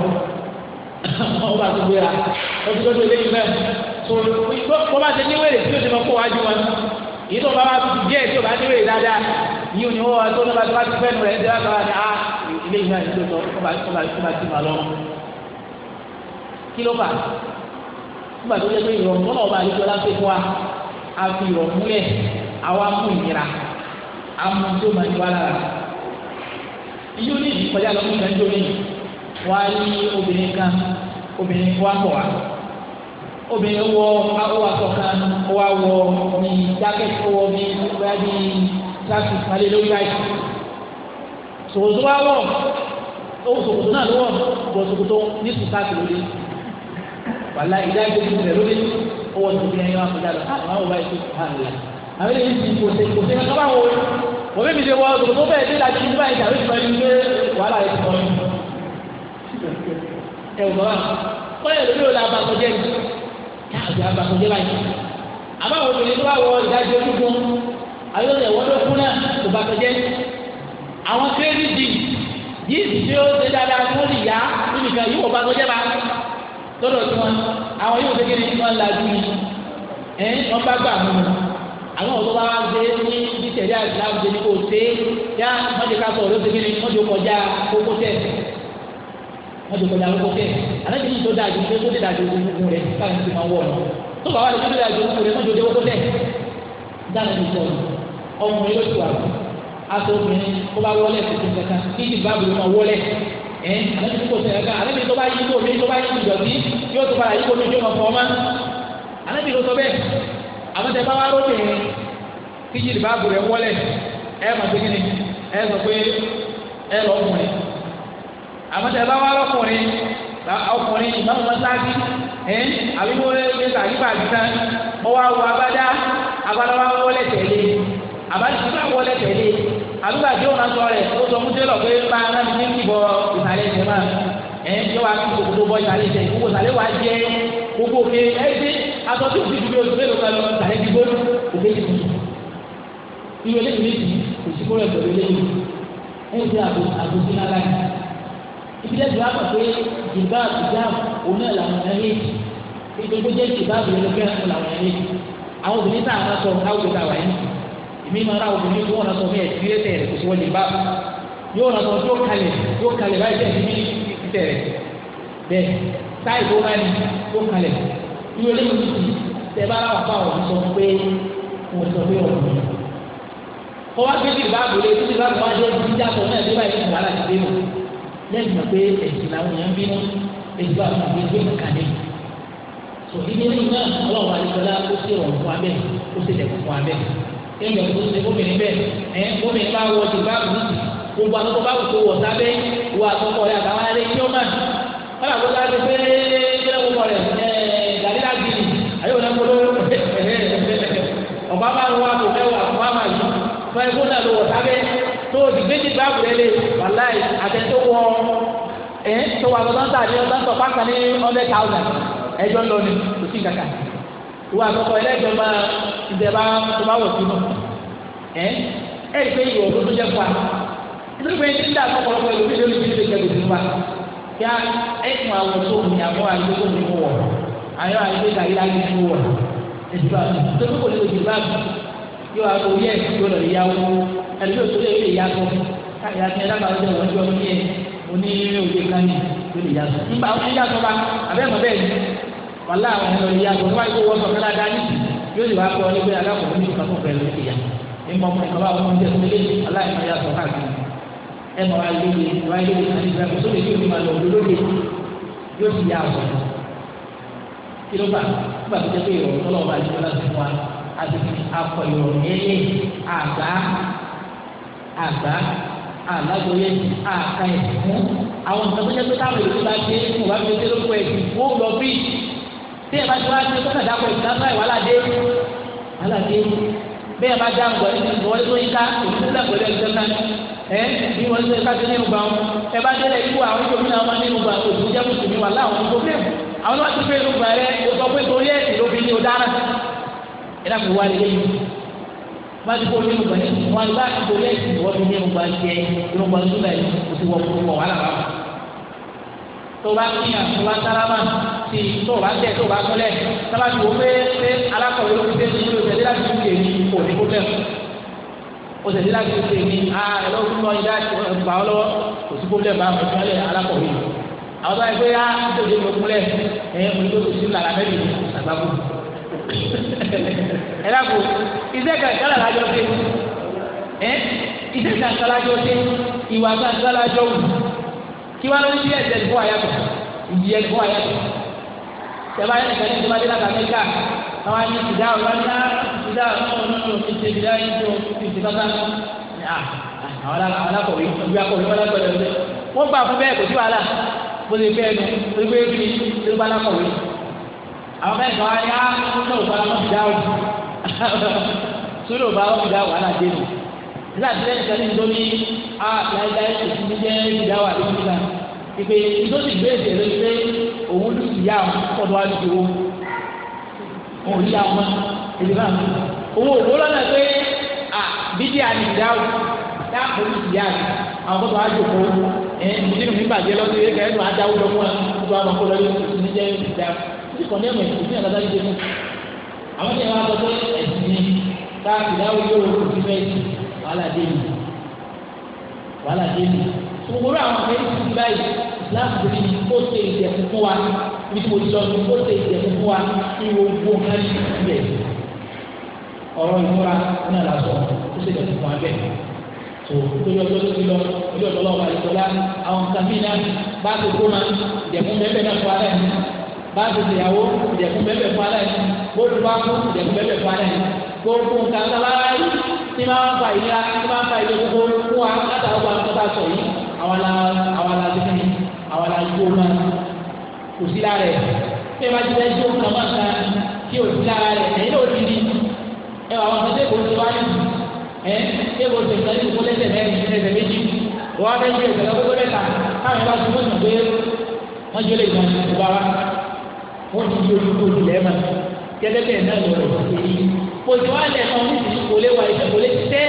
wọ́n bá tó gbéra ọjọ́ tó lé ìgbẹ́ tó wọ́n bá ti ní wẹ́rẹ́ tí ó ti mọ̀ yìí tó bá wà díẹ̀ tí o bá nílò ìdáadáa yìí ò ní wọ́n wá tó ní bá ti fẹ́nu rẹ̀ ẹ̀dá kan ní a ilé ìgbà yìí tó tọ́ ó bá ti máa lọ. kí ló fà nígbà tó yẹ pé ìrọ̀rùn tó náà bá yẹ kí ọlá pé fún wa a fi ìrọ̀rùn múlẹ̀ àwa mú ìnira a mú tó máa ní wá lára. iyó ní ìdíkọjá lọ́kùnrin kan jó ní wàá ní obìnrin kan obìnrin wá obìnrin wọ awọ àtọ̀kan wọ awọ ní jákẹ́tì wọ ní bóyá ní jákèjì kálí lórí láìsí sòkòtò wa wọ̀ ó sòkòtò náà ló wọ̀ bọ̀ sòkòtò ní sùkàtì lórí wàlá ìdá ìdókòtò rẹ̀ lórí ó wọ̀ sòkòtò yẹn yọ àkọjá lọ àwọn àwọn báyìí tó hàn lẹ̀ àwọn èyí ti kò ṣe kò ṣe kankan bá wọ wọ́n bẹ́ẹ̀ mi ṣe wọ sòkòtò bẹ́ẹ̀ dé láti ní báyìí tàbí ìgbà yìí pé wàhálà yẹn ti kọ́ ẹ̀ wọ́n kọ́ ẹ̀ lórí ò àti abakọjẹ báyìí àmọ́ àwọn obìnrin tó bá wọ ìdájọ́ dúdún ayọ̀ rẹ̀ wọ́n ló kú náà kò bá tọ́jẹ́ àwọn kírẹ́dìtì yìí sì tí ó ṣe dáadáa tó lè yá níbi kan yìí kò bá tọ́jẹ́ bá lọ́dọ̀ tí wọn àwọn yóò ṣe kéde tí wọ́n la dùn yìí ẹ̀ wọ́n bá gbà mú àwọn ọ̀dọ́ bá gbé ní bí tẹ̀lé àti láwùjọ ní kò sí yá wọ́n ti ká sọ̀rọ̀ ló ṣe kéde wọ́n ti kọjá kókó tẹ̀ wọn jẹ kọjá lóko kẹ alájẹ yìí tó dájú tó tó dájú gbogbo rẹ káwọn ti máa wọ ọ tó bá wà lóko tó dájú gbogbo rẹ mọjọ lóko kẹ dáná ti sọ ọmọ yìí ló ti wà aṣọ obìnrin tó bá wọlé tuntun kankan kí ti bá gbogbo wọlé ẹ alájẹ tó kọ sẹ ẹka alájẹ tó bá yí kó mi tó bá yí kó dọ̀tí yóò tó padà yí kó mi tó máa fọ ọmọ alájẹ ló sọ bẹ́ẹ̀ àmọtẹ bá wà lóko yẹn kí ti bá gbogbo rẹ wọlé ẹ máa gbé kíni ẹ sọ pé ẹ lọ ọkùnrin àmọ́tẹ́ bá wà lọ́kùnrin ọkùnrin ìmáàmù mọ́sáàbí ẹ̀ àbíkó lè sàgbà àgbà mọ́ wá wọ wọlé tẹ̀lé wọlé tẹ̀lé àbúgbà tí ó máa sọ rẹ̀ ó sọ fún tẹ́lọ̀ pé bá alámi ní ìbọ̀ ìsàlẹ̀ ìṣẹ̀ máa ẹ̀ yọ wá kí ìsàlẹ̀ ìsàlẹ̀ wá jẹ́ gbogbo òkè ẹ̀ tí bá mọ̀ pé jìbá ìjáàmù òun náà làwọn èèyàn méjì nítorí tó jẹ́ jìbá ìbẹ̀rẹ̀ lọ́kẹ́ làwọn èèyàn méjì àwọn obìnrin tá a máa sọ láwùjọ tá a wà yìí èmi máa ra obìnrin tó wọn náà sọ fún ẹ̀ tí ó tẹ̀ rẹ̀ kò sí wọ́n jìbá yóò náà sọ yóò kalẹ̀ yóò kalẹ̀ báyìí tẹ̀ sí ní tẹ̀ rẹ̀ bẹ́ẹ̀ táì tó bá ní yóò kalẹ̀ irú eléyìí ti tẹ̀ bá wà fáwọn sọ pé wọ́n sọ pé wọ́n kọ́ wá gbé jìbá àbúlé jìbá àbúlé wájú ọdún jíjà sọ náà dé báyìí lẹ́yìn mọ̀ pé ẹ̀sìn làwọn èèyàn bínú ẹ̀sìn bá àwọn àgbẹ̀ gbé kàlẹ́ tó ibi ní iná ọlọ́wọ́ àdìsọ́lá ó sì rọ̀ fún abẹ́ ó sì dẹ̀kọ̀ fún abẹ́ ẹ̀yìn tó ṣe obìnrin bẹ́ẹ̀ ẹ̀ obìnrin bá wọ ti bá wù gbogbo àtọ́kọ́ bá wù tó wọ̀ sábẹ́ wọ àtọ́kọ́ rẹ̀ àtàwọn alẹ́ kí ó má wọ́n àgbẹ̀ bá fẹ́ wà fún àmàlú fún tó o sì lé wàláì àtẹ̀tò wọ ẹ̀ tó wà lọ́dọ̀ náà tàbí ọ̀dọ̀ tó pàṣẹ ní hundred thousand ẹjọ́ ń lọ ní kàkà àkọ́kọ́ ẹlẹ́jọ́ máa tó bá wọ̀ ìwọ̀ tó jẹ́ wa nítorí pé ní ìdá àkọ́kọ́rọ́kọ́ ìlú bí lórí ìdílé jẹ́ gbèsè wa kí á ẹ̀kún àwọn tó ní àwọn àgbégbò ẹni tó lè lè yàtọ̀ káyà ní ẹlẹ́bàá ọjọ́ ìwọ́n jọ ní ẹ̀ mo ní òye kan ní tó lè yàtọ̀ nígbà ó ní yàtọ̀ bá àbẹ́ mọ̀ bẹ́ẹ̀ ni wàhálà àwọn ọmọ yìí yàtọ̀ níwájú kó wọ́n sọ̀kẹ́ ládàá ní yóò lè wá pé ọlẹ́ pé alákòókò ní ìkàkọ́ pẹ̀lú ìyá ìmọ̀ ọmọ ìkàwá ọmọ ìjẹ́ ìdílé aláìmọ̀ yàtọ̀ káàkiri ẹ mọ̀ wáyé lóye wáyé lóye àti ìgbàgbọ́ sórí yóò fi máa lọ òdo lóye yóò fi yà wọ̀ kí ló àgbá alágbóyè àka ẹ̀fún àwọn nǹkan tó jẹ́ pé táwọn èdè bá dé kò bá fi délé kó ẹ̀sìn ó lọ bí tí ẹ bá ti wá sí ẹ kọ́kàdá kọ ìdá báyìí wàhálà dé wàhálà dé bẹ́ẹ̀ bá dá nǹkan ẹ̀sìn ìwọ́n tó yí ká òṣìṣẹ́ pẹ̀lú ẹ̀sìn náà ẹ bí wọ́n ṣe ká sí nínú gbà wọn ẹ bá délẹ̀ ikú àwọn tó nínú àwọn nínú gbà òṣìṣẹ́ jẹ́ mùsùlùmí wà láwọn tó fẹ́ àwọn tó wá ti fẹ́ nínú gbà rẹ o sọ pé torí ẹ̀sìn ló fi ní o dára ẹ bá ti kó o ní mo gbà ní wọn bá torí ẹsìn ìwọ fi ní mo gbà jẹ ìwọ gbà o ti wọ fún wọn wàhálà wà. tó bá ń yàn tó bá sálámà sí i tó bá tẹ tó bá kúnlẹ̀ sábà tó o pé pé alákọ̀wé ló fi dé sí o tẹ̀lé láti fi èmi kò ní kó bẹ́ẹ̀ o tẹ̀lé láti fi èmi a ah, ẹ̀rọ fún wọn yíyá gbà ọ lọ́wọ́ kò sí problem bá mi kúnlẹ̀ alákọ̀wé àwọn báyìí pé a tó o dé mo kúnlẹ̀ ẹ̀ ẹ̀ mo ní kó o sì ń lára mẹ́rin àgbàgbọ́ ẹ dàgbò iṣẹ́ kankan làjọ ṣe ẹ iṣẹ́ kankan làjọ ṣe ìwà kankan làjọ wù kí wọn lóun ti ẹsẹ̀ fún àyàtọ̀ ìdí ẹ fún àyàtọ̀ tẹ̀lé ayé nìkan ní ìdí máa dé láti amẹ́ríkà àwọn ayé ti dá ọ̀rọ̀ ní ìdá ọ̀rọ̀ ní ah, ọ̀rọ̀ ti ṣe ìdá yìí tó ti ti bá bá àwọn alákọ̀wé ìwé akọ̀wé wọn lágbọ̀dọ̀ ṣe wọ́n gbà fún bẹ́ẹ̀ kò sí wàhálà bó ṣe fẹ́ ẹnu ó ṣe pé kí ni ó ṣe bá alákọ̀wé àwọn mẹ́rin kan wá yá ah, sódò bá wọn fi dá òdì *laughs* sódò bá wọn fi dá wàhálà dé nù nígbà tí lẹ́yìn kan nínú tó ní a ah, láéláé kò sí ní jẹ́ ìdáwà tó ń gbà ìpè ìdóòtì gbé èdè lórí pé òun lù sí yá ọ̀dọ̀ wa lùdì owó òun rí yá ọmọ èdè bá mi owó òwò lọ́nà pé à àti ìdáwà dá òun sì yá àwọn kótó wa jòkó ẹ̀ nínú mi bàjẹ́ lọ́sọ̀rọ̀ kẹ́hìn tó ti kọ̀ ní ẹ̀mọ̀ ẹ̀sìn ní àgbàdo ìdè fún. àwọn tí wọ́n á sọ pé ẹ̀sìn ni káàkiri àwọn yóò rò sí fẹ́ sí wàhálà déèlì wàhálà déèlì. sòwòrò àwọn akẹ́kọ̀ọ́ ti di báyìí láti bí kó ṣe ìdẹ̀kùn fún wa bí mo ti lọ sí kó ṣe ìdẹ̀kùn fún wa kí gbogbo nǹkan ṣe ìbẹ̀. ọ̀rọ̀ ìmúra náà la sọ kó ṣe ìdẹ̀kùn fún wa bẹ́ẹ̀ tó lórí ọjọ́ tó ti lọ lórí ọjọ́ lọ́wọ́ àìsọ̀lá àwọn kàmínà bá ti kó ma ìdẹ̀kùn bẹ́ẹ̀ bẹ́ẹ̀ náà fún wa náà bá a ti ṣèyàwó ìdẹ̀kùn bẹ́ẹ̀ bẹ́ẹ̀ fún alẹ́ bóòlù bá kú ìdẹ̀kùn bẹ́ẹ̀ bẹ́ẹ̀ fún alẹ́ gbogbo nǹkan tó bá wáyé tí máa ń fa ìlera tí máa ń fa ìlera gbogbo fún wa látàrí wa tó bá sọ yìí àwọn la àwọn la ti fi àwọn la yíwó ma kò sí lára ẹ̀ bí ẹ bá ti lẹ́jọ́ kan máa ka kí o sí lára rẹ̀ ẹ̀yin náà ti di ẹ wà wọn ṣe o tó wá ní ẹ ṣé kò tó ìtọ́jú kó lẹ́sẹ̀ mẹ́rin lẹ́sẹ̀ méjì kó lẹ́sà káwọn bá wọ́n ti di ojú tó lẹ̀ mà gẹ́gẹ́ bẹ́ẹ̀ náà lọ́rọ̀ tó ṣe yí. Bòtí wá lẹ̀ kan ní ìsìn kò lè wà ìṣẹ̀ kò lè tẹ́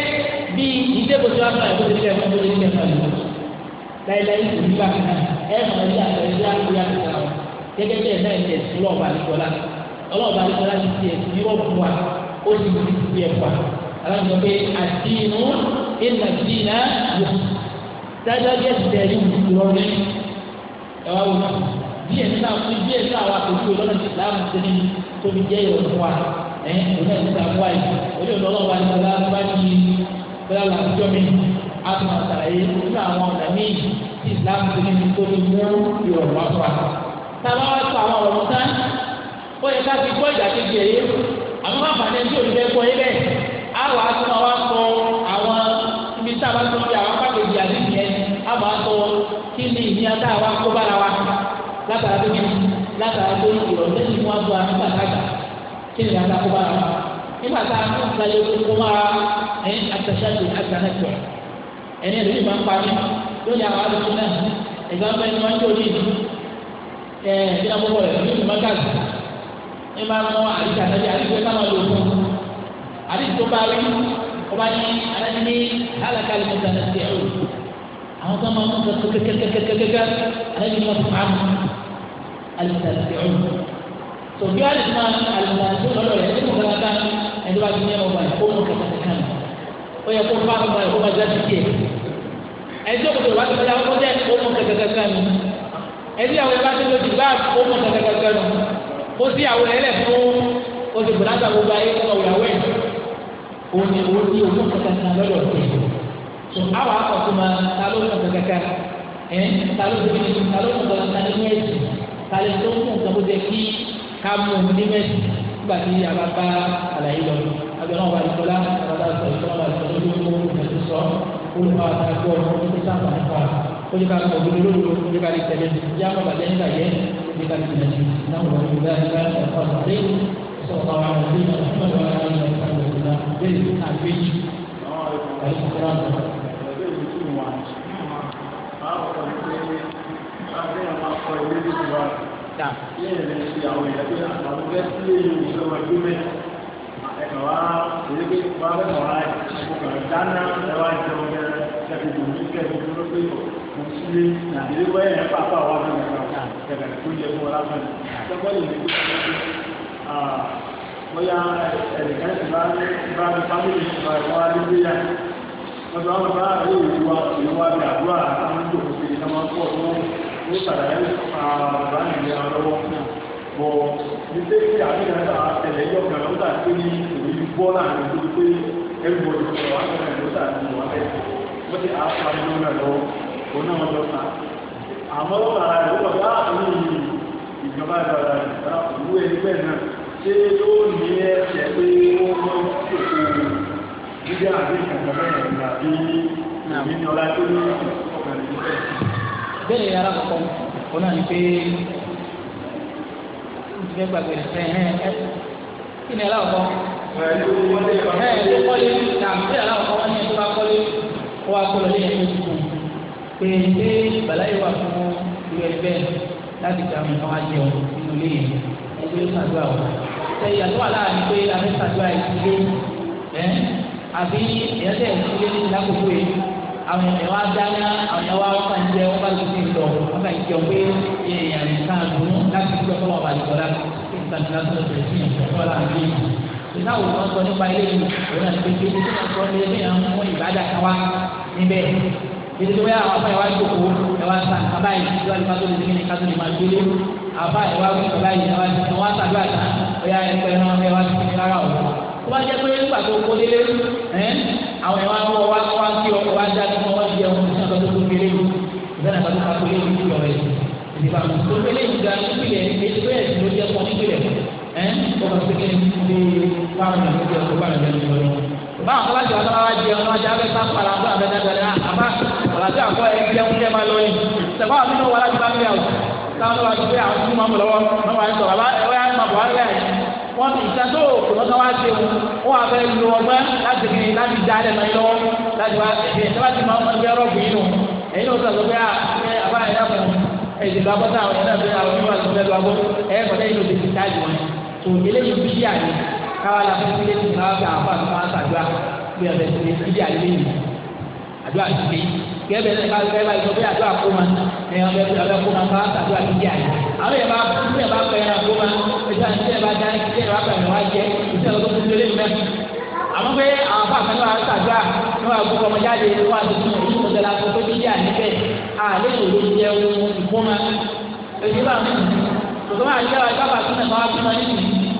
bí ìdè bòtí wá fún àìkú tẹ́lẹ̀ fún bòtí tẹ́lẹ̀ fún àìkú. Láìláì ìlú nígbà kan ẹ máa rí àtọ̀ ilé àkúrẹ́ àtúntà wọn. Gẹ́gẹ́ bẹ́ẹ̀ náà ilẹ̀ sí lọ́ọ̀bà Nìkọ́lá. Ọlọ́ọ̀bà Nìkọ́lá ti ti ẹ̀sìn Yúrọ̀pù wa ó sì ti ti ẹ̀ pa. Aláǹdọ̀ pé àdínú ìlà dínà yóò. Dájọ́ díẹ̀ nínú àwọn díẹ̀ nínú àwọn àtòjú ọlọ́dún ti láàmú sẹ́ni tó fi jẹ́ ìrọ̀rùn fún wa ẹ̀ ọ̀nà ìta fún wa yìí ojú ọ̀dọ́ ọlọ́wà ni ọlá bá ní bẹ́ẹ̀ làwùjọ mi àtúmọ̀ àtàlàyé nínú àwọn ọ̀nà míì tí ìsìlámù sẹ́ni tó fi mú ìrọ̀rùn wá fún wa. táwa wá sọ àwọn ọ̀rọ̀ tán ó yẹ ká fi gbọ́ ìdàkejì ẹ̀yẹ àmọ́ àǹfààní ẹni tí òní fẹ́ gbọ́ ilẹ̀ àwọn àtúmọ̀ wá sọ àwọn ibi tá a bá tó fi àwọn pàkejì àdéhùn yẹn àmọ́ àtọ kí ni ìníyàtà wa kó bára wa látara tó ní látara tó ní ìrọ̀lẹ́ ní wọn bọ̀ nígbà tá a gbà kí ni yàtọ̀ kóbá wa nígbà tá a mú ìgbàlẹ̀ kókó wa ẹ̀ àtàṣàjò àtàlẹ́tọ̀ ẹ̀ní ẹ̀rí ìmọ̀ nparí lórí àwọn àdókò náà ẹ̀gbọ́n bẹ́ẹ̀ ni wọ́n ń jó ní ìlú ẹ̀ bí wọ́n bọ̀ rẹ̀ ní ìmọ̀ gàdù ẹ̀ máa mọ àdìsá tàbí àdìsá táwọn lò fún àdìsá tó bá rí ọba ní alẹ́ alákàlẹ̀ mọ̀tà náà ti ẹ̀rù àwọn tó máa mú kẹ́kẹ́kẹ́kẹ́kẹ́kẹ́ alẹ́ ní wọ́n fún àmì alìsàtìrún tòbí alìsàn alìsàtìrún lọ́dọ̀ rẹ̀ nínú gbàgbà ẹni wá sí ẹ̀rọ báyìí ó mú kàkàtà kan ó yẹ kó fáwọn báyìí kó máa jáde tiẹ̀ ẹjọ́ kòtò wá ti fẹ́lá ó jẹ́ ó mú kàkàtà kan ẹbí àwọn ẹ̀rọ ti lójú bá ó mú kàkàtà kan ó sí àwọn ẹ̀rẹ́ fún oṣù bùnátà gbogbo ayé kọ́ ìyàwó ẹ̀ òun ni òun ní òun mú kàkàtà lọ́dọ̀ rẹ̀ tó àwọn akọ̀tún máa ta ló mú kàkàtà ẹ̀ ta ló mú kàkàtà nínú ẹ̀sìn tàlẹ́ tó ń fún nǹkan bó jẹ kí ká mú un ní mẹ́sì nígbà tí a bá bá àlàyé lọ abẹ́ náà wà lọ́la àbáta sọ ìtọ́nà wà lọ́la lórí owó ìtẹ̀sí sọ olùkọ́ àtàkọ́ ọmọ tó sábà nípa olùkọ́ àtàkọ́ òdodo lóru olùkọ́ àti tẹ̀lé ìyá ọmọ bàjẹ́ nígbà yẹ olùkọ́ àti tẹ̀lé náà wọ̀ lórí àgbà ẹ̀kọ́ àtàkọ́ sọ̀rọ̀ àwọn ọmọdé náà wọ́n wà lọ́la àwọn ìwé tó ti wá kí ẹ̀rẹ̀ ṣe àwọn ìyá pé àwọn fẹ́ sí èyí ìṣọ́ wọn tó mẹ́ ẹ̀kọ́ wá èyí pé wá bẹ́ẹ̀ wá ọkàn dáná ẹwà jẹun yẹn kẹfì tó ní kẹfì tó ló pé mo sí lé èyí wọ́n yẹn pàpà wá fún mi kan kẹfì tó yẹ fún ọlá fún mi. sọ́kọ́ lè ní kó bóyá ẹ̀ẹ̀dẹ̀kẹ́ ti bá bá mi fámìlì ìṣòro ẹ̀kọ́ wá dé wọ́n ti wá wọn bá àárẹ̀ ìwà ìwà àdúrà àtàwọn ní sàlàyé àbá ìlera lọ́wọ́ bọ̀ nígbà tí àbíyá ta tẹ̀lé yọ̀ kan lọ́dà tó ní ìròyìn bọ́ láàrin tó pé everybody sọ wà lọ́dà lọ́dà tó wà bẹ́ẹ̀ wọ́n ti àáfà lọ́dà lọ́wọ́ òun náà lọ́ ta àmọ́ ara rẹ̀ wọ́n bá àwọn ìjọba ìjọba ìjọba òwú ẹni bẹ́ẹ̀ náà ṣé yóò ní ẹsẹ̀ pé ó mọ́ òkú jíjẹ́ àbí ìkàtà bẹ́ẹ̀ ní àbí ìmínú ọlá tó ní ọ̀gá ìjọba bẹ́ẹ̀ yàrá kọ̀kọ́ wọn náà ní pé ìfẹ́ gbàgbé rẹ̀ ẹ̀ ẹ̀ kí ni aláwọ̀ kọ́ ẹ̀ ló kọ́lé tàbí aláwọ̀ kọ́ ní ẹni bá kọ́lé kó wa kọ́lé lẹ́yìn tó dùn pé ṣé ìbàláyé wà fún irú ẹni bẹ́ẹ̀ láti gba àwọn ọmọ ajẹ́ ọ̀ nínú ilé yìí ẹgbẹ́ ló ṣàdúrà wọn. ṣe ìyàtọ̀ wà láàrin pé abẹ́ ṣàdúrà ìdílé ẹ̀ àbí ìyàtọ̀ ìdílé ní ìdákòókò yìí àwọn èèyàn wá dáná àwọn èèyàn wá wọ́pà ń jẹ wọ́pà ló ti ń lọ wọ́pà ń jẹun pé èèyàn nìkan dùn láti gbọ́ fọlọ́ ọba àdìgbọ́lá nǹkan tó lọ́sọ̀rọ̀ bẹ̀rẹ̀ sí ìjọba láti lè yìí. ìnáwó wọn sọ nípa ilé òun àti pé kéde tó sọ ní ilé yẹn mú ìbàdàn kan wá níbẹ̀. kéde tó àwọn afọ ìwà ìjòkó ẹwà sàn kaba yìí tí wàá nípa tó lè dín ní kátó lè máa gbélé àbá ìwà ìjọba yìí ẹwà sàn wọn sàdó àtà ọyà ẹgbẹ́ náà ẹwà sàn rárá o. tó bá jẹ́ pé nígbà tó kó délé àwọn ẹ̀wá wọ́n wá wá sí ọkọ̀ wá dá nínú wọn jẹun ní sábà tó tó kéré yìí ìdáná bá tó ká tó léwu ní ọ̀rẹ́ yìí ìdìbò àwọn tó kéré yìí ga nípìnlẹ̀ ẹgbẹ́ ẹ̀sìn ló jẹ́ fún nípìnlẹ̀ ẹ̀ ọkọ̀ tó kéré ní báwọn ènìyàn ló jẹ́ ọkọ̀ báwọn ènìyàn ló jẹ́ ọkọ̀ báwọn kọ́ bá jẹ́ ọ̀dọ́ wa jẹun ọjà abẹ́ sá kpala fún abẹ́ dájọ́lẹ́ àbá ọ̀làjú àkọ́ ẹ̀ jẹun jẹ́ máa lọ yìí sẹ̀kọ́ àbí ní wọn ti ìta tó kò lọ́sọ̀ wá ṣe wọn wọn abẹ́ lu ọgbẹ́ láti fi láti dá ẹ̀ lọ yọ láti wá ẹ̀ ẹ̀ láti máa ń gbé rọ́ọ̀bù yìí nù ẹ̀yin náà sọ̀rọ̀ pé ah, àbá ẹ̀ fún ẹ̀jẹ̀ abọ́tà àwọn náà àwọn abọ́ kọ́tẹ́ yìí ló ti wọn tó bí káwá la fún ilé àwọn àfọ àti kẹ́bẹ̀ náà bá bẹ́ẹ̀ bá ìjọba àdúrà kó ma ẹ̀yàn bẹ́ẹ̀ bá kó ma bá àdúrà kíkẹ́ àyè. àwọn yẹn bá tíyẹ̀ bá pẹ̀ ẹ̀rọ kó ma ẹ̀sán tíyẹ̀ bá dá tíyẹ̀ bá pẹ̀ wá jẹ ìṣẹ́ ọ̀tọ̀ tó tẹ̀lé mi náà. àmọ́ pé àwọn afọ àfẹnú wa sàdúrà ní wàá gbọ́ ọmọ jáde wá tuntun ìlú mọ̀tẹ́lá tó tó kíkẹ́ àyè bẹ́ẹ̀ àlẹ́ òru jẹ ohun ìkóma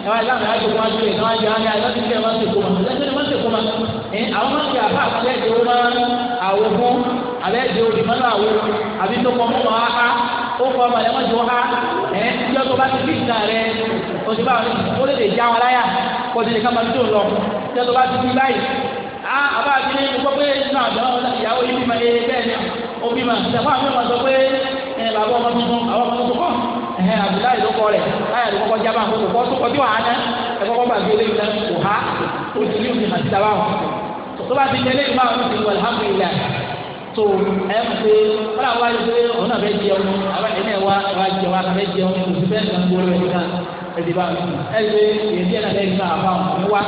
ẹwà ìlànà yà jòkó wájú yìí náà yà á lọ́sí ilé wọn ṣe kó ma lẹ́sẹ̀ ni wọ́n ṣe kó ma àwọn máa ń fi àbá àti ẹ̀jẹ̀ wọn máa ń àwòkún abẹ́ di orí mọ́nà àwo àbí tó kọ́ mọ́ wá há ó kọ́ ọmọ yẹn wọ́n ti wọ́n há ẹ̀ tí ọtọ́ bá ti fi ìgbà rẹ oṣù bá ó lè lè já wọn láyà kó o ti lè ká máa tó lọ tí ọtọ́ bá ti fi báyìí á àbá àti ní gbogbo pé inú àdán ìyàwó yìí bímọ ẹ bẹ́ẹ̀ ni ó bímọ ṣẹ̀fọ́ àmì wọn sọ pé ẹ bàbá ọmọ tuntun àwọn ọmọ tuntun kọ́ ẹ̀hẹ́ Abdullahi ló kọ́ rẹ̀ láyà ló kọ́kọ́ jábà kó kọ́ tó kọjú àná ẹ̀ kọ́kọ́ gbàgbé lẹ́yìn náà kò há ó ti rí omi àti dábàá wọn tó bá ti jẹ́ lẹ́yìn máa ń sìn wọ tó ẹ ń pe wọn àwọn àyè pé òun náà fẹ́ jẹun àwọn ẹni ẹ wá wá jẹun àwọn fẹ́ jẹun kò sí fẹ́ẹ́ kan gbóló ẹni náà ẹni bá mi ẹ ń pe èyí ẹ̀ náà lẹ́yìn náà àbá wọn mi wá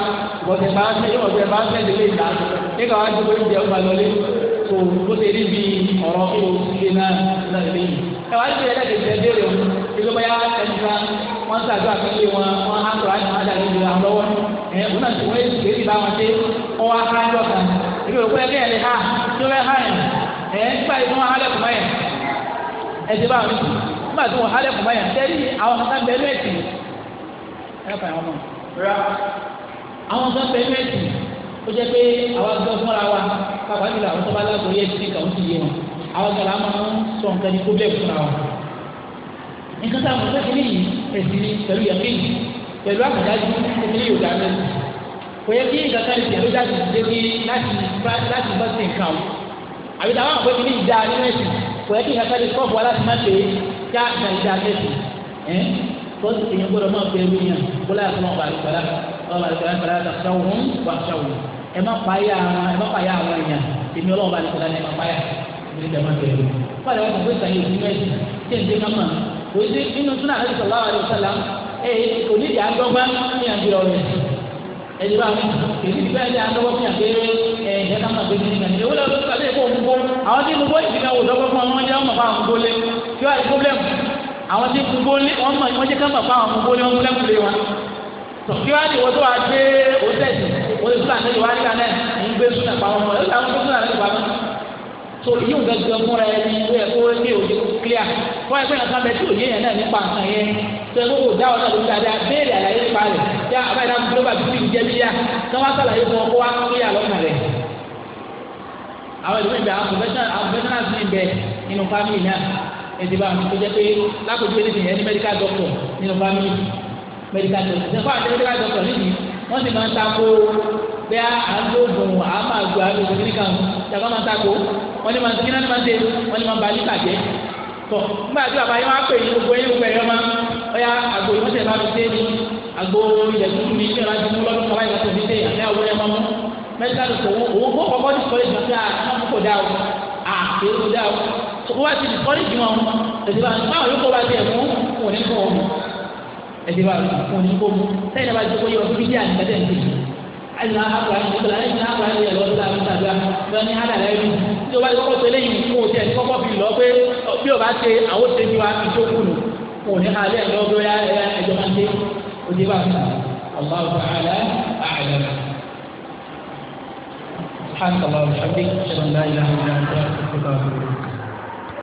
ìbọ̀tẹ̀ bá ń sẹ́yìn ọ̀gbẹ́ bá ń sẹ́yìn lé ìta ní káwá ju pé jẹun bá lọlé tó tó ṣe rí bí ọ̀rọ̀ kó lé náà náà lẹ́yìn ẹ wá sí ẹlẹ́kẹ̀kẹ́ béèrè o ìgbẹ́ bóyá ẹni ṣàdó àkànlé wọn wọ́n á sọ̀rọ̀ àyàn wọn dàgbé àwọn lọ́wọ́ ẹ̀ wọ́n náà ti wọ́n èsì èmi ò pé ẹgbẹ́ yẹn lè ha tí ó fẹ́ ha yẹn ẹ̀ nígbà tí wọ́n halẹ̀ kùmọ̀ yẹn ẹ̀ ti bá wọn nígbà tí wọ́n halẹ̀ kùmọ̀ yẹn tẹ́lí àwọn kan bẹ́ẹ̀ lé ẹ̀sìn ẹ̀ fà wọn rà àwọn kan bẹ́ẹ̀ lé ẹ̀sìn ó jẹ́ pé àwọn gbọ́ fúnra wa kápá nílò àwọn tó bá lágbo yẹ ti kà ó ti yé wọn àwọn kan là máa ń sọ nǹkan ní kóbẹ́ẹ̀ fúnra wa nǹkan tá a mọ̀ pé kí ẹ̀sìn pẹ̀lú yẹn pẹ̀lú àkàdájú kò yẹ kí nǹkan kan lè lójà sí ìdílé kí láti láti bọ́ sí nǹkan o àbí táwọn àpò ìdílé ìdá nínú ẹ̀sìn kò yẹ kí nǹkan kan lè kọ́ bọ́ láti má pè é já ìgbà ìdá mẹ́sì ẹ̀ tó ti èèyàn gbọ́dọ̀ máa pè é wí yàn kó láyà fún ọba àdìgbàlá ọba àdìgbàlá àtàkùn ọ̀hún wà ṣàwù ẹ má pààyà ẹ má pààyà àwọn èèyàn èmi ọlọ́ọ̀ba àdìgbàlá ni ẹ má pààyà ní ìjọba bẹ̀rẹ̀ wọ́n yà wọ́n fún ìsàlẹ̀ ìdúró ẹ̀sìn tí ẹ̀ǹdé máa máa kò sí nínú súnà àti sọ̀lá àti sọ̀lá ẹ̀ onídìí àdọ́gba ní àdìrọ̀ rẹ̀ ẹni bá mi èyí ti bẹ́ẹ̀ ní alọ́wọ́ fi hàn pé ẹ ìyá ká máa gbẹ́sẹ̀ nìkan ìyẹ̀wò lọ́wọ́ tó kàdé ìfowópamọ́ gbogbo àwọn tí gbogbo ìdílé wò lọ́wọ́ fún wọn jẹ́ wọn mọ̀ fáwọn gbogbo lé kí wàá di problem àwọn tí gbogbo lé wọn mọ̀ wọn jẹ́ ká mọ̀ fáwọn gbogbo lé wọn lẹ́kùn lé wọn. kí wàá di wọ́tọ́ wa gbé òtẹ́ẹ̀tì òtẹ́ sùn àti ìwádìí kan náà ń gbé sẹ́gun kò dá ọ̀nà lórí dáadáa béèrè àlàyé nípa rẹ̀ yá abáyé náà ló bá bíbí ìjẹ́ bí yá kí wọ́n sàlàyé fún ọkọ wa kí yà lọ́nà rẹ̀. àwọn ìlú ìgbà àfọ̀fẹ́sánà sí ibẹ̀ nínú fámìlì náà ẹ̀dí bá mi tó jẹ́ pé lákòókò ní ìyẹn ní medical doctor nínú fámìlì medical doctor ṣe fún àti medical doctor níbi wọ́n sì máa ń tako bí a àdóògùn àmàgbà àdóògùn níkàwọn ṣàkóso máa ń tako wọ́n ní máa ń tọ nígbà tí bàbá yẹn wá pè ní gbogbo ẹyẹ gbogbo ẹyẹ ọmọ ọyà àgbo yìí wọ́n tẹ̀ máa fi dé ní àgbo ilẹ̀ tuntun ní ìṣẹ̀lá ti mú lọ́dún kọ́lá yìí wọ́n tẹ̀ fi dé àlẹ́ àwọn ẹ̀ma mú mẹ́tàlì kò wọ́n owó kọ́kọ́ ti sọ ìgbà tí a mú kò dáa o à ah, pé kò dáa o tó wá ti sọ ìdí wọn ẹ̀dí bá báwọn yóò kó bá ti kó àyìnlá àgbà yìí nígbà àyìnlá àgbà yìí lọ sí àwọn ìtàgbà lọ ní àdàlẹ́ yìí tí o bá kọ́kọ́ ṣe lẹ́yìn fún o tẹ̀ ní kọ́kọ́ fi lọ pé bí o bá ṣe àwọn ṣe ti wa ìjókòó nù kò ní alẹ́ ẹ̀ lọ́gbọ́ ya ẹjọ́ máa ṣe o ti bá ta ọ̀gá ọ̀gá àlẹ́ àlẹ́ سبحانك اللهم وبحمدك اشهد ان لا اله الا انت استغفرك